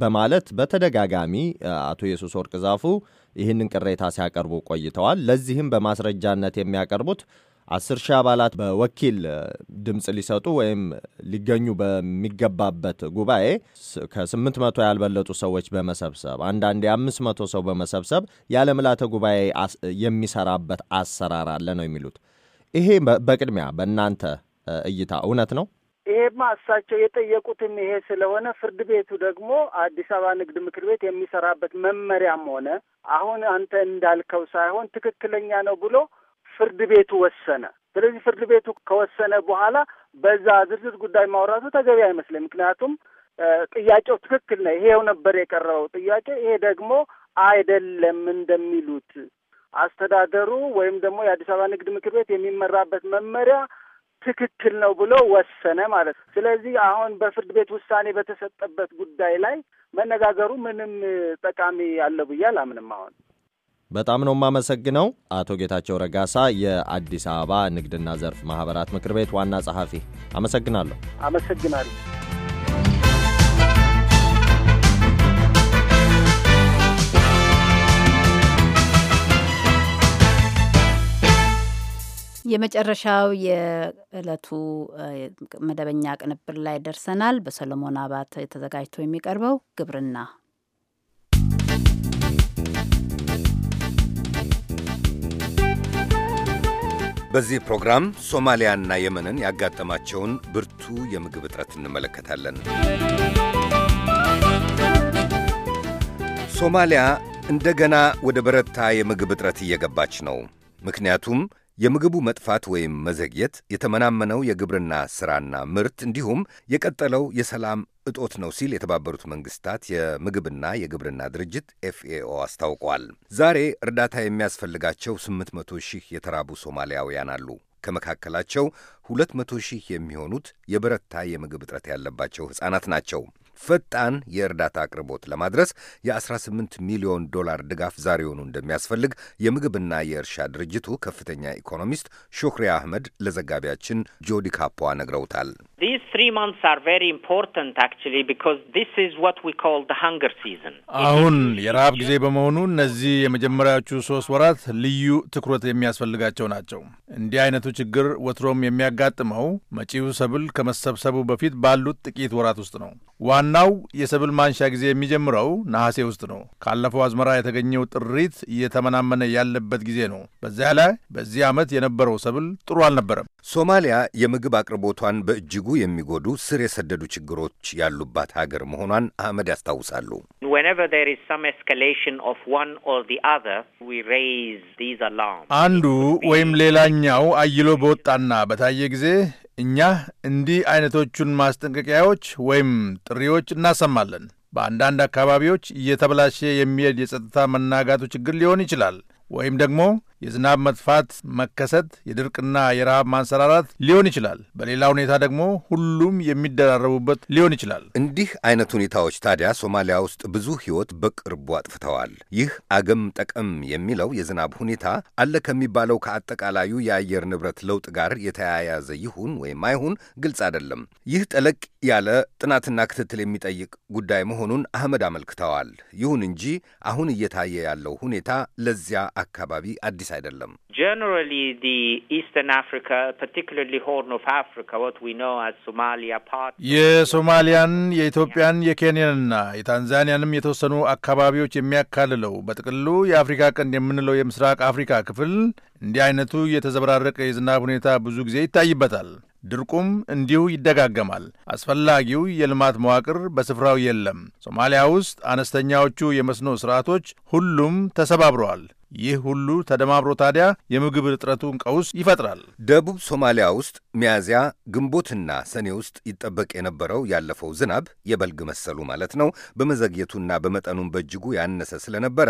በማለት በተደጋጋሚ አቶ ኢየሱስ ወርቅ ዛፉ ይህንን ቅሬታ ሲያቀርቡ ቆይተዋል። ለዚህም በማስረጃነት የሚያቀርቡት አስር ሺህ አባላት በወኪል ድምፅ ሊሰጡ ወይም ሊገኙ በሚገባበት ጉባኤ ከስምንት መቶ ያልበለጡ ሰዎች በመሰብሰብ አንዳንድ የአምስት መቶ ሰው በመሰብሰብ ያለ ምልዓተ ጉባኤ የሚሰራበት አሰራር አለ ነው የሚሉት። ይሄ በቅድሚያ በእናንተ እይታ እውነት ነው? ይሄማ እሳቸው የጠየቁትም ይሄ ስለሆነ ፍርድ ቤቱ ደግሞ አዲስ አበባ ንግድ ምክር ቤት የሚሰራበት መመሪያም ሆነ አሁን አንተ እንዳልከው ሳይሆን ትክክለኛ ነው ብሎ ፍርድ ቤቱ ወሰነ። ስለዚህ ፍርድ ቤቱ ከወሰነ በኋላ በዛ ዝርዝር ጉዳይ ማውራቱ ተገቢ አይመስለኝ። ምክንያቱም ጥያቄው ትክክል ነው፣ ይሄው ነበር የቀረበው ጥያቄ። ይሄ ደግሞ አይደለም እንደሚሉት አስተዳደሩ ወይም ደግሞ የአዲስ አበባ ንግድ ምክር ቤት የሚመራበት መመሪያ ትክክል ነው ብሎ ወሰነ ማለት ነው። ስለዚህ አሁን በፍርድ ቤት ውሳኔ በተሰጠበት ጉዳይ ላይ መነጋገሩ ምንም ጠቃሚ ያለ ብዬ አላምንም። አሁን በጣም ነው የማመሰግነው። አቶ ጌታቸው ረጋሳ የአዲስ አበባ ንግድና ዘርፍ ማህበራት ምክር ቤት ዋና ጸሐፊ፣ አመሰግናለሁ። አመሰግናለሁ። የመጨረሻው የዕለቱ መደበኛ ቅንብር ላይ ደርሰናል። በሰለሞን አባት ተዘጋጅቶ የሚቀርበው ግብርና በዚህ ፕሮግራም ሶማሊያና የመንን ያጋጠማቸውን ብርቱ የምግብ እጥረት እንመለከታለን። ሶማሊያ እንደገና ወደ በረታ የምግብ እጥረት እየገባች ነው። ምክንያቱም የምግቡ መጥፋት ወይም መዘግየት የተመናመነው የግብርና ሥራና ምርት እንዲሁም የቀጠለው የሰላም እጦት ነው ሲል የተባበሩት መንግስታት የምግብና የግብርና ድርጅት ኤፍኤኦ አስታውቋል። ዛሬ እርዳታ የሚያስፈልጋቸው 800 ሺህ የተራቡ ሶማሊያውያን አሉ። ከመካከላቸው 200 ሺህ የሚሆኑት የበረታ የምግብ እጥረት ያለባቸው ሕፃናት ናቸው። ፈጣን የእርዳታ አቅርቦት ለማድረስ የ18 ሚሊዮን ዶላር ድጋፍ ዛሬውኑ እንደሚያስፈልግ የምግብና የእርሻ ድርጅቱ ከፍተኛ ኢኮኖሚስት ሾክሪ አህመድ ለዘጋቢያችን ጆዲ ካፖዋ ነግረውታል። These three months are very important actually because this is what we call the hunger season. አሁን የረሃብ ጊዜ በመሆኑ እነዚህ የመጀመሪያዎቹ ሶስት ወራት ልዩ ትኩረት የሚያስፈልጋቸው ናቸው። እንዲህ አይነቱ ችግር ወትሮም የሚያጋጥመው መጪው ሰብል ከመሰብሰቡ በፊት ባሉት ጥቂት ወራት ውስጥ ነው። ዋናው የሰብል ማንሻ ጊዜ የሚጀምረው ነሐሴ ውስጥ ነው። ካለፈው አዝመራ የተገኘው ጥሪት እየተመናመነ ያለበት ጊዜ ነው። በዚያ ላይ በዚህ ዓመት የነበረው ሰብል ጥሩ አልነበረም። ሶማሊያ የምግብ አቅርቦቷን በእጅጉ በእጅጉ የሚጎዱ ስር የሰደዱ ችግሮች ያሉባት ሀገር መሆኗን አህመድ ያስታውሳሉ። አንዱ ወይም ሌላኛው አይሎ በወጣና በታየ ጊዜ እኛ እንዲህ አይነቶቹን ማስጠንቀቂያዎች ወይም ጥሪዎች እናሰማለን። በአንዳንድ አካባቢዎች እየተበላሸ የሚሄድ የጸጥታ መናጋቱ ችግር ሊሆን ይችላል። ወይም ደግሞ የዝናብ መጥፋት መከሰት፣ የድርቅና የረሃብ ማንሰራራት ሊሆን ይችላል። በሌላ ሁኔታ ደግሞ ሁሉም የሚደራረቡበት ሊሆን ይችላል። እንዲህ አይነት ሁኔታዎች ታዲያ ሶማሊያ ውስጥ ብዙ ሕይወት በቅርቡ አጥፍተዋል። ይህ አገም ጠቀም የሚለው የዝናብ ሁኔታ አለ ከሚባለው ከአጠቃላዩ የአየር ንብረት ለውጥ ጋር የተያያዘ ይሁን ወይም አይሁን ግልጽ አይደለም። ይህ ጠለቅ ያለ ጥናትና ክትትል የሚጠይቅ ጉዳይ መሆኑን አህመድ አመልክተዋል። ይሁን እንጂ አሁን እየታየ ያለው ሁኔታ ለዚያ አካባቢ አዲስ አይደለም። የሶማሊያን፣ የኢትዮጵያን፣ የኬንያንና የታንዛኒያንም የተወሰኑ አካባቢዎች የሚያካልለው በጥቅሉ የአፍሪካ ቀንድ የምንለው የምስራቅ አፍሪካ ክፍል እንዲህ አይነቱ የተዘበራረቀ የዝናብ ሁኔታ ብዙ ጊዜ ይታይበታል። ድርቁም እንዲሁ ይደጋገማል። አስፈላጊው የልማት መዋቅር በስፍራው የለም። ሶማሊያ ውስጥ አነስተኛዎቹ የመስኖ ስርዓቶች ሁሉም ተሰባብረዋል። ይህ ሁሉ ተደማምሮ ታዲያ የምግብ እጥረቱን ቀውስ ይፈጥራል። ደቡብ ሶማሊያ ውስጥ ሚያዝያ፣ ግንቦትና ሰኔ ውስጥ ይጠበቅ የነበረው ያለፈው ዝናብ የበልግ መሰሉ ማለት ነው በመዘግየቱና በመጠኑም በእጅጉ ያነሰ ስለነበረ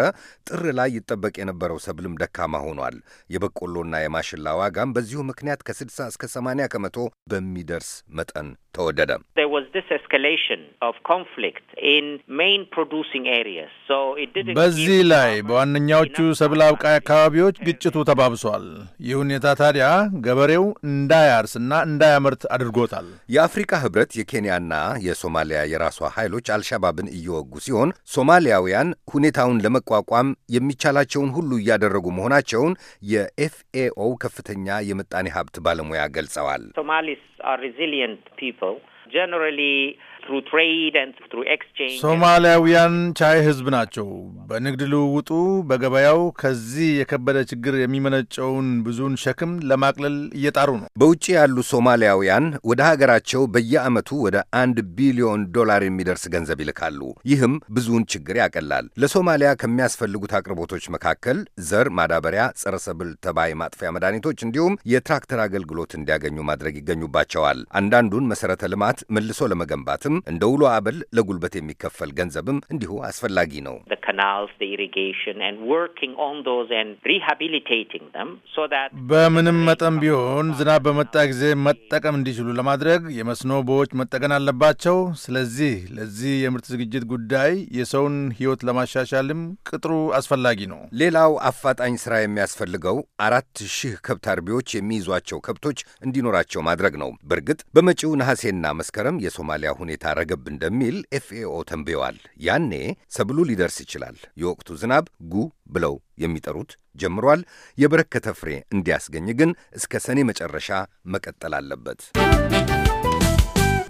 ጥር ላይ ይጠበቅ የነበረው ሰብልም ደካማ ሆኗል። የበቆሎና የማሽላ ዋጋም በዚሁ ምክንያት ከ60 እስከ 80 ከመቶ በሚደርስ መጠን ተወደደ። በዚህ ላይ በዋነኛዎቹ ሰብል አብቃይ አካባቢዎች uh, ግጭቱ ተባብሷል። ይህ ሁኔታ ታዲያ ገበሬው እንዳያርስና እንዳያመርት አድርጎታል። የአፍሪካ ህብረት የኬንያና የሶማሊያ የራሷ ኃይሎች አልሻባብን እየወጉ ሲሆን ሶማሊያውያን ሁኔታውን ለመቋቋም የሚቻላቸውን ሁሉ እያደረጉ መሆናቸውን የኤፍኤኦ ከፍተኛ የምጣኔ ሀብት ባለሙያ ገልጸዋል። ሶማሊስ are resilient people. Generally, ሶማሊያውያን ቻይ ህዝብ ናቸው። በንግድ ልውውጡ፣ በገበያው ከዚህ የከበደ ችግር የሚመነጨውን ብዙውን ሸክም ለማቅለል እየጣሩ ነው። በውጭ ያሉ ሶማሊያውያን ወደ ሀገራቸው በየዓመቱ ወደ አንድ ቢሊዮን ዶላር የሚደርስ ገንዘብ ይልካሉ። ይህም ብዙውን ችግር ያቀላል። ለሶማሊያ ከሚያስፈልጉት አቅርቦቶች መካከል ዘር፣ ማዳበሪያ፣ ጸረ ሰብል ተባይ ማጥፊያ መድኃኒቶች እንዲሁም የትራክተር አገልግሎት እንዲያገኙ ማድረግ ይገኙባቸዋል። አንዳንዱን መሠረተ ልማት መልሶ ለመገንባትም ቢሆንም እንደ ውሎ አበል ለጉልበት የሚከፈል ገንዘብም እንዲሁ አስፈላጊ ነው። በምንም መጠን ቢሆን ዝናብ በመጣ ጊዜ መጠቀም እንዲችሉ ለማድረግ የመስኖ ቦዎች መጠገን አለባቸው። ስለዚህ ለዚህ የምርት ዝግጅት ጉዳይ የሰውን ሕይወት ለማሻሻልም ቅጥሩ አስፈላጊ ነው። ሌላው አፋጣኝ ስራ የሚያስፈልገው አራት ሺህ ከብት አርቢዎች የሚይዟቸው ከብቶች እንዲኖራቸው ማድረግ ነው። በእርግጥ በመጪው ነሐሴና መስከረም የሶማሊያ ሁኔታ ሁኔታ ረገብ እንደሚል ኤፍኤኦ ተንብየዋል። ያኔ ሰብሉ ሊደርስ ይችላል። የወቅቱ ዝናብ ጉ ብለው የሚጠሩት ጀምሯል። የበረከተ ፍሬ እንዲያስገኝ ግን እስከ ሰኔ መጨረሻ መቀጠል አለበት።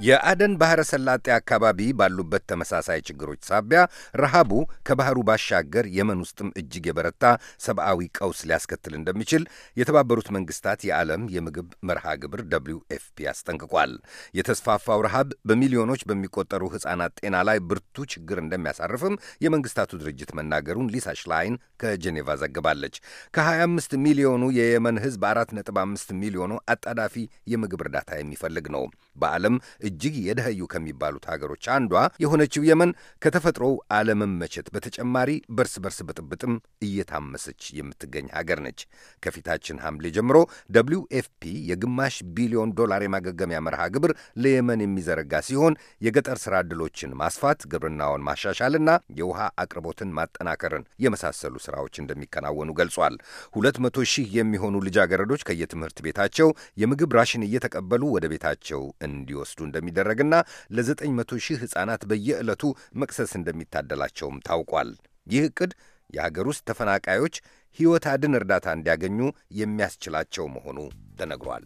የአደን ባህረ ሰላጤ አካባቢ ባሉበት ተመሳሳይ ችግሮች ሳቢያ ረሃቡ ከባህሩ ባሻገር የመን ውስጥም እጅግ የበረታ ሰብአዊ ቀውስ ሊያስከትል እንደሚችል የተባበሩት መንግስታት የዓለም የምግብ መርሃ ግብር ደብሊው ኤፍ ፒ አስጠንቅቋል። የተስፋፋው ረሃብ በሚሊዮኖች በሚቆጠሩ ሕፃናት ጤና ላይ ብርቱ ችግር እንደሚያሳርፍም የመንግስታቱ ድርጅት መናገሩን ሊሳ ሽላይን ከጄኔቫ ዘግባለች። ከ25 ሚሊዮኑ የየመን ሕዝብ 4.5 ሚሊዮኑ አጣዳፊ የምግብ እርዳታ የሚፈልግ ነው። በዓለም እጅግ የደኸዩ ከሚባሉት ሀገሮች አንዷ የሆነችው የመን ከተፈጥሮው አለመመቸት በተጨማሪ በርስ በርስ ብጥብጥም እየታመሰች የምትገኝ ሀገር ነች። ከፊታችን ሐምሌ ጀምሮ ደብሊው ኤፍፒ ፒ የግማሽ ቢሊዮን ዶላር የማገገሚያ መርሃ ግብር ለየመን የሚዘረጋ ሲሆን የገጠር ስራ ዕድሎችን ማስፋት፣ ግብርናውን ማሻሻልና የውሃ አቅርቦትን ማጠናከርን የመሳሰሉ ስራዎች እንደሚከናወኑ ገልጿል። ሁለት መቶ ሺህ የሚሆኑ ልጃገረዶች ከየትምህርት ቤታቸው የምግብ ራሽን እየተቀበሉ ወደ ቤታቸው እንዲወስዱ እንደሚደረግና ለዘጠኝ 900 ሺህ ሕፃናት በየዕለቱ መቅሰስ እንደሚታደላቸውም ታውቋል። ይህ ዕቅድ የሀገር ውስጥ ተፈናቃዮች ሕይወት አድን እርዳታ እንዲያገኙ የሚያስችላቸው መሆኑ ተነግሯል።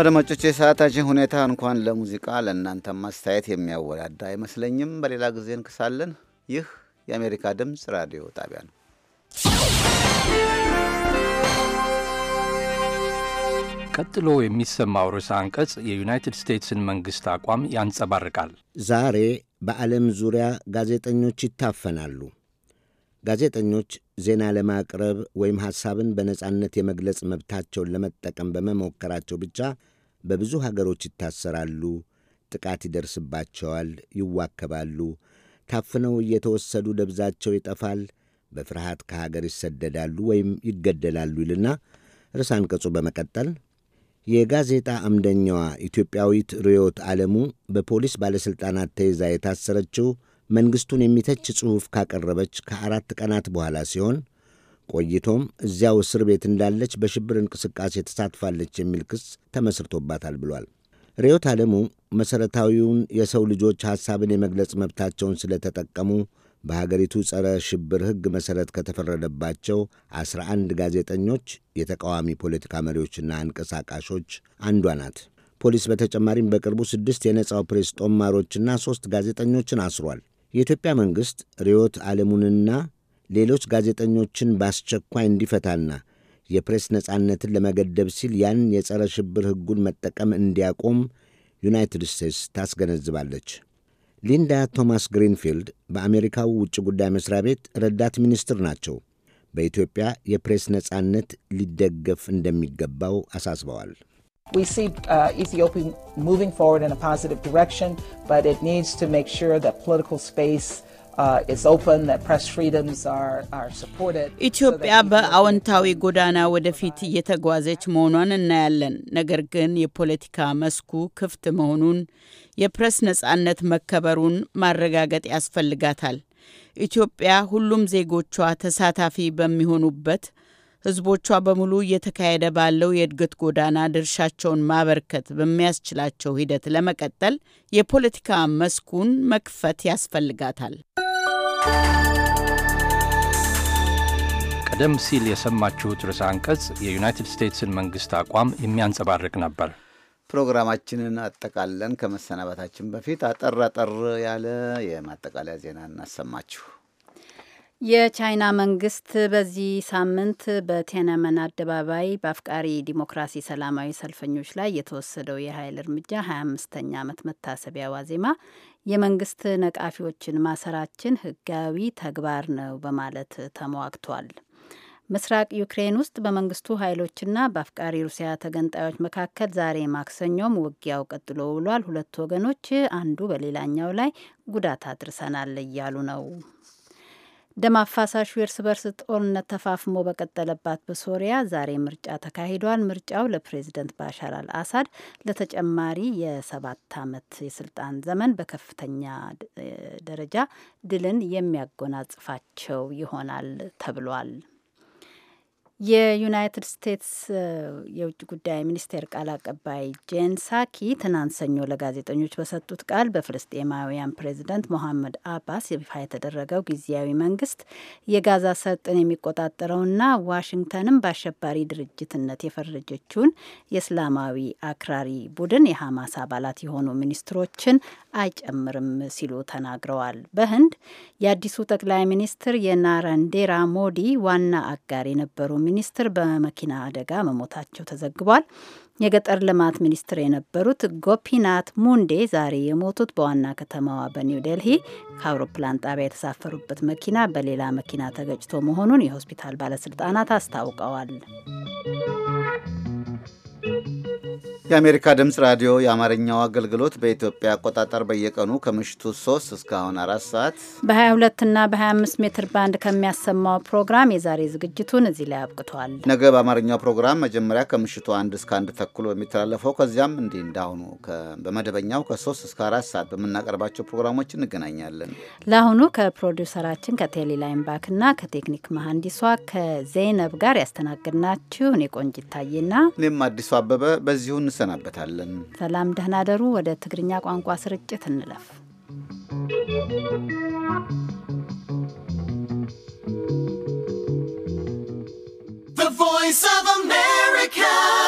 አድማጮች፣ የሰዓታችን ሁኔታ እንኳን ለሙዚቃ ለእናንተ ማስተያየት የሚያወዳዳ አይመስለኝም። በሌላ ጊዜ እንክሳለን። ይህ የአሜሪካ ድምፅ ራዲዮ ጣቢያ ነው። ቀጥሎ የሚሰማው ርዕሰ አንቀጽ የዩናይትድ ስቴትስን መንግሥት አቋም ያንጸባርቃል። ዛሬ በዓለም ዙሪያ ጋዜጠኞች ይታፈናሉ። ጋዜጠኞች ዜና ለማቅረብ ወይም ሐሳብን በነጻነት የመግለጽ መብታቸውን ለመጠቀም በመሞከራቸው ብቻ በብዙ ሀገሮች ይታሰራሉ፣ ጥቃት ይደርስባቸዋል፣ ይዋከባሉ፣ ታፍነው እየተወሰዱ ደብዛቸው ይጠፋል፣ በፍርሃት ከሀገር ይሰደዳሉ ወይም ይገደላሉ ይልና ርዕሰ አንቀጹ በመቀጠል የጋዜጣ አምደኛዋ ኢትዮጵያዊት ርዮት ዓለሙ በፖሊስ ባለሥልጣናት ተይዛ የታሰረችው መንግሥቱን የሚተች ጽሑፍ ካቀረበች ከአራት ቀናት በኋላ ሲሆን ቆይቶም እዚያው እስር ቤት እንዳለች በሽብር እንቅስቃሴ ተሳትፋለች የሚል ክስ ተመስርቶባታል ብሏል። ርዮት ዓለሙ መሠረታዊውን የሰው ልጆች ሐሳብን የመግለጽ መብታቸውን ስለተጠቀሙ በሀገሪቱ ጸረ ሽብር ሕግ መሠረት ከተፈረደባቸው 11 ጋዜጠኞች፣ የተቃዋሚ ፖለቲካ መሪዎችና አንቀሳቃሾች አንዷ ናት። ፖሊስ በተጨማሪም በቅርቡ ስድስት የነጻው ፕሬስ ጦማሮችና ሦስት ጋዜጠኞችን አስሯል። የኢትዮጵያ መንግሥት ርዮት ዓለሙንና ሌሎች ጋዜጠኞችን በአስቸኳይ እንዲፈታና የፕሬስ ነጻነትን ለመገደብ ሲል ያን የጸረ ሽብር ሕጉን መጠቀም እንዲያቆም ዩናይትድ ስቴትስ ታስገነዝባለች። ሊንዳ ቶማስ ግሪንፊልድ በአሜሪካው ውጭ ጉዳይ መሥሪያ ቤት ረዳት ሚኒስትር ናቸው። በኢትዮጵያ የፕሬስ ነጻነት ሊደገፍ እንደሚገባው አሳስበዋል። uh, uh, ኢትዮጵያ በአዎንታዊ ጎዳና ወደፊት እየተጓዘች መሆኗን እናያለን። ነገር ግን የፖለቲካ መስኩ ክፍት መሆኑን የፕሬስ ነጻነት መከበሩን ማረጋገጥ ያስፈልጋታል። ኢትዮጵያ ሁሉም ዜጎቿ ተሳታፊ በሚሆኑበት ህዝቦቿ በሙሉ እየተካሄደ ባለው የእድገት ጎዳና ድርሻቸውን ማበርከት በሚያስችላቸው ሂደት ለመቀጠል የፖለቲካ መስኩን መክፈት ያስፈልጋታል። ቀደም ሲል የሰማችሁት ርዕሰ አንቀጽ የዩናይትድ ስቴትስን መንግሥት አቋም የሚያንጸባርቅ ነበር። ፕሮግራማችንን አጠቃለን ከመሰናበታችን በፊት አጠር አጠር ያለ የማጠቃለያ ዜና እናሰማችሁ። የቻይና መንግስት በዚህ ሳምንት በቴነመን አደባባይ በአፍቃሪ ዲሞክራሲ ሰላማዊ ሰልፈኞች ላይ የተወሰደው የኃይል እርምጃ 25ኛ ዓመት መታሰቢያ ዋዜማ የመንግስት ነቃፊዎችን ማሰራችን ህጋዊ ተግባር ነው በማለት ተሟግቷል። ምስራቅ ዩክሬን ውስጥ በመንግስቱ ኃይሎችና በአፍቃሪ ሩሲያ ተገንጣዮች መካከል ዛሬ ማክሰኞም ውጊያው ቀጥሎ ውሏል። ሁለቱ ወገኖች አንዱ በሌላኛው ላይ ጉዳት አድርሰናል እያሉ ነው። ደም አፋሳሹ የእርስ በርስ ጦርነት ተፋፍሞ በቀጠለባት በሶሪያ ዛሬ ምርጫ ተካሂዷል። ምርጫው ለፕሬዝደንት ባሻር አልአሳድ ለተጨማሪ የሰባት ዓመት የስልጣን ዘመን በከፍተኛ ደረጃ ድልን የሚያጎናጽፋቸው ይሆናል ተብሏል። የዩናይትድ ስቴትስ የውጭ ጉዳይ ሚኒስቴር ቃል አቀባይ ጄን ሳኪ ትናንት ሰኞ ለጋዜጠኞች በሰጡት ቃል በፍልስጤማውያን ፕሬዚደንት ሞሐመድ አባስ ይፋ የተደረገው ጊዜያዊ መንግስት የጋዛ ሰርጥን የሚቆጣጠረውና ዋሽንግተንም በአሸባሪ ድርጅትነት የፈረጀችውን የእስላማዊ አክራሪ ቡድን የሐማስ አባላት የሆኑ ሚኒስትሮችን አይጨምርም ሲሉ ተናግረዋል። በህንድ የአዲሱ ጠቅላይ ሚኒስትር የናረንዴራ ሞዲ ዋና አጋር የነበሩ ሚኒስትር በመኪና አደጋ መሞታቸው ተዘግቧል። የገጠር ልማት ሚኒስትር የነበሩት ጎፒናት ሙንዴ ዛሬ የሞቱት በዋና ከተማዋ በኒው ዴልሂ ከአውሮፕላን ጣቢያ የተሳፈሩበት መኪና በሌላ መኪና ተገጭቶ መሆኑን የሆስፒታል ባለስልጣናት አስታውቀዋል። የአሜሪካ ድምፅ ራዲዮ የአማርኛው አገልግሎት በኢትዮጵያ አቆጣጠር በየቀኑ ከምሽቱ 3 እስካሁን አራት ሰዓት በ22 እና በ25 ሜትር ባንድ ከሚያሰማው ፕሮግራም የዛሬ ዝግጅቱን እዚህ ላይ አብቅቷል። ነገ በአማርኛው ፕሮግራም መጀመሪያ ከምሽቱ አንድ እስከ አንድ ተኩል በሚተላለፈው ከዚያም እንዲህ እንዳሁኑ በመደበኛው ከ3 እስከ አራት ሰዓት በምናቀርባቸው ፕሮግራሞች እንገናኛለን። ለአሁኑ ከፕሮዲውሰራችን ከቴሌላይም ባክና ከቴክኒክ መሐንዲሷ ከዜነብ ጋር ያስተናግድናችሁ እኔ ቆንጅ እኔም አዲሱ አበበ በዚሁን እንሰናበታለን። ሰላም፣ ደህና ደሩ። ወደ ትግርኛ ቋንቋ ስርጭት እንለፍ። Voice of America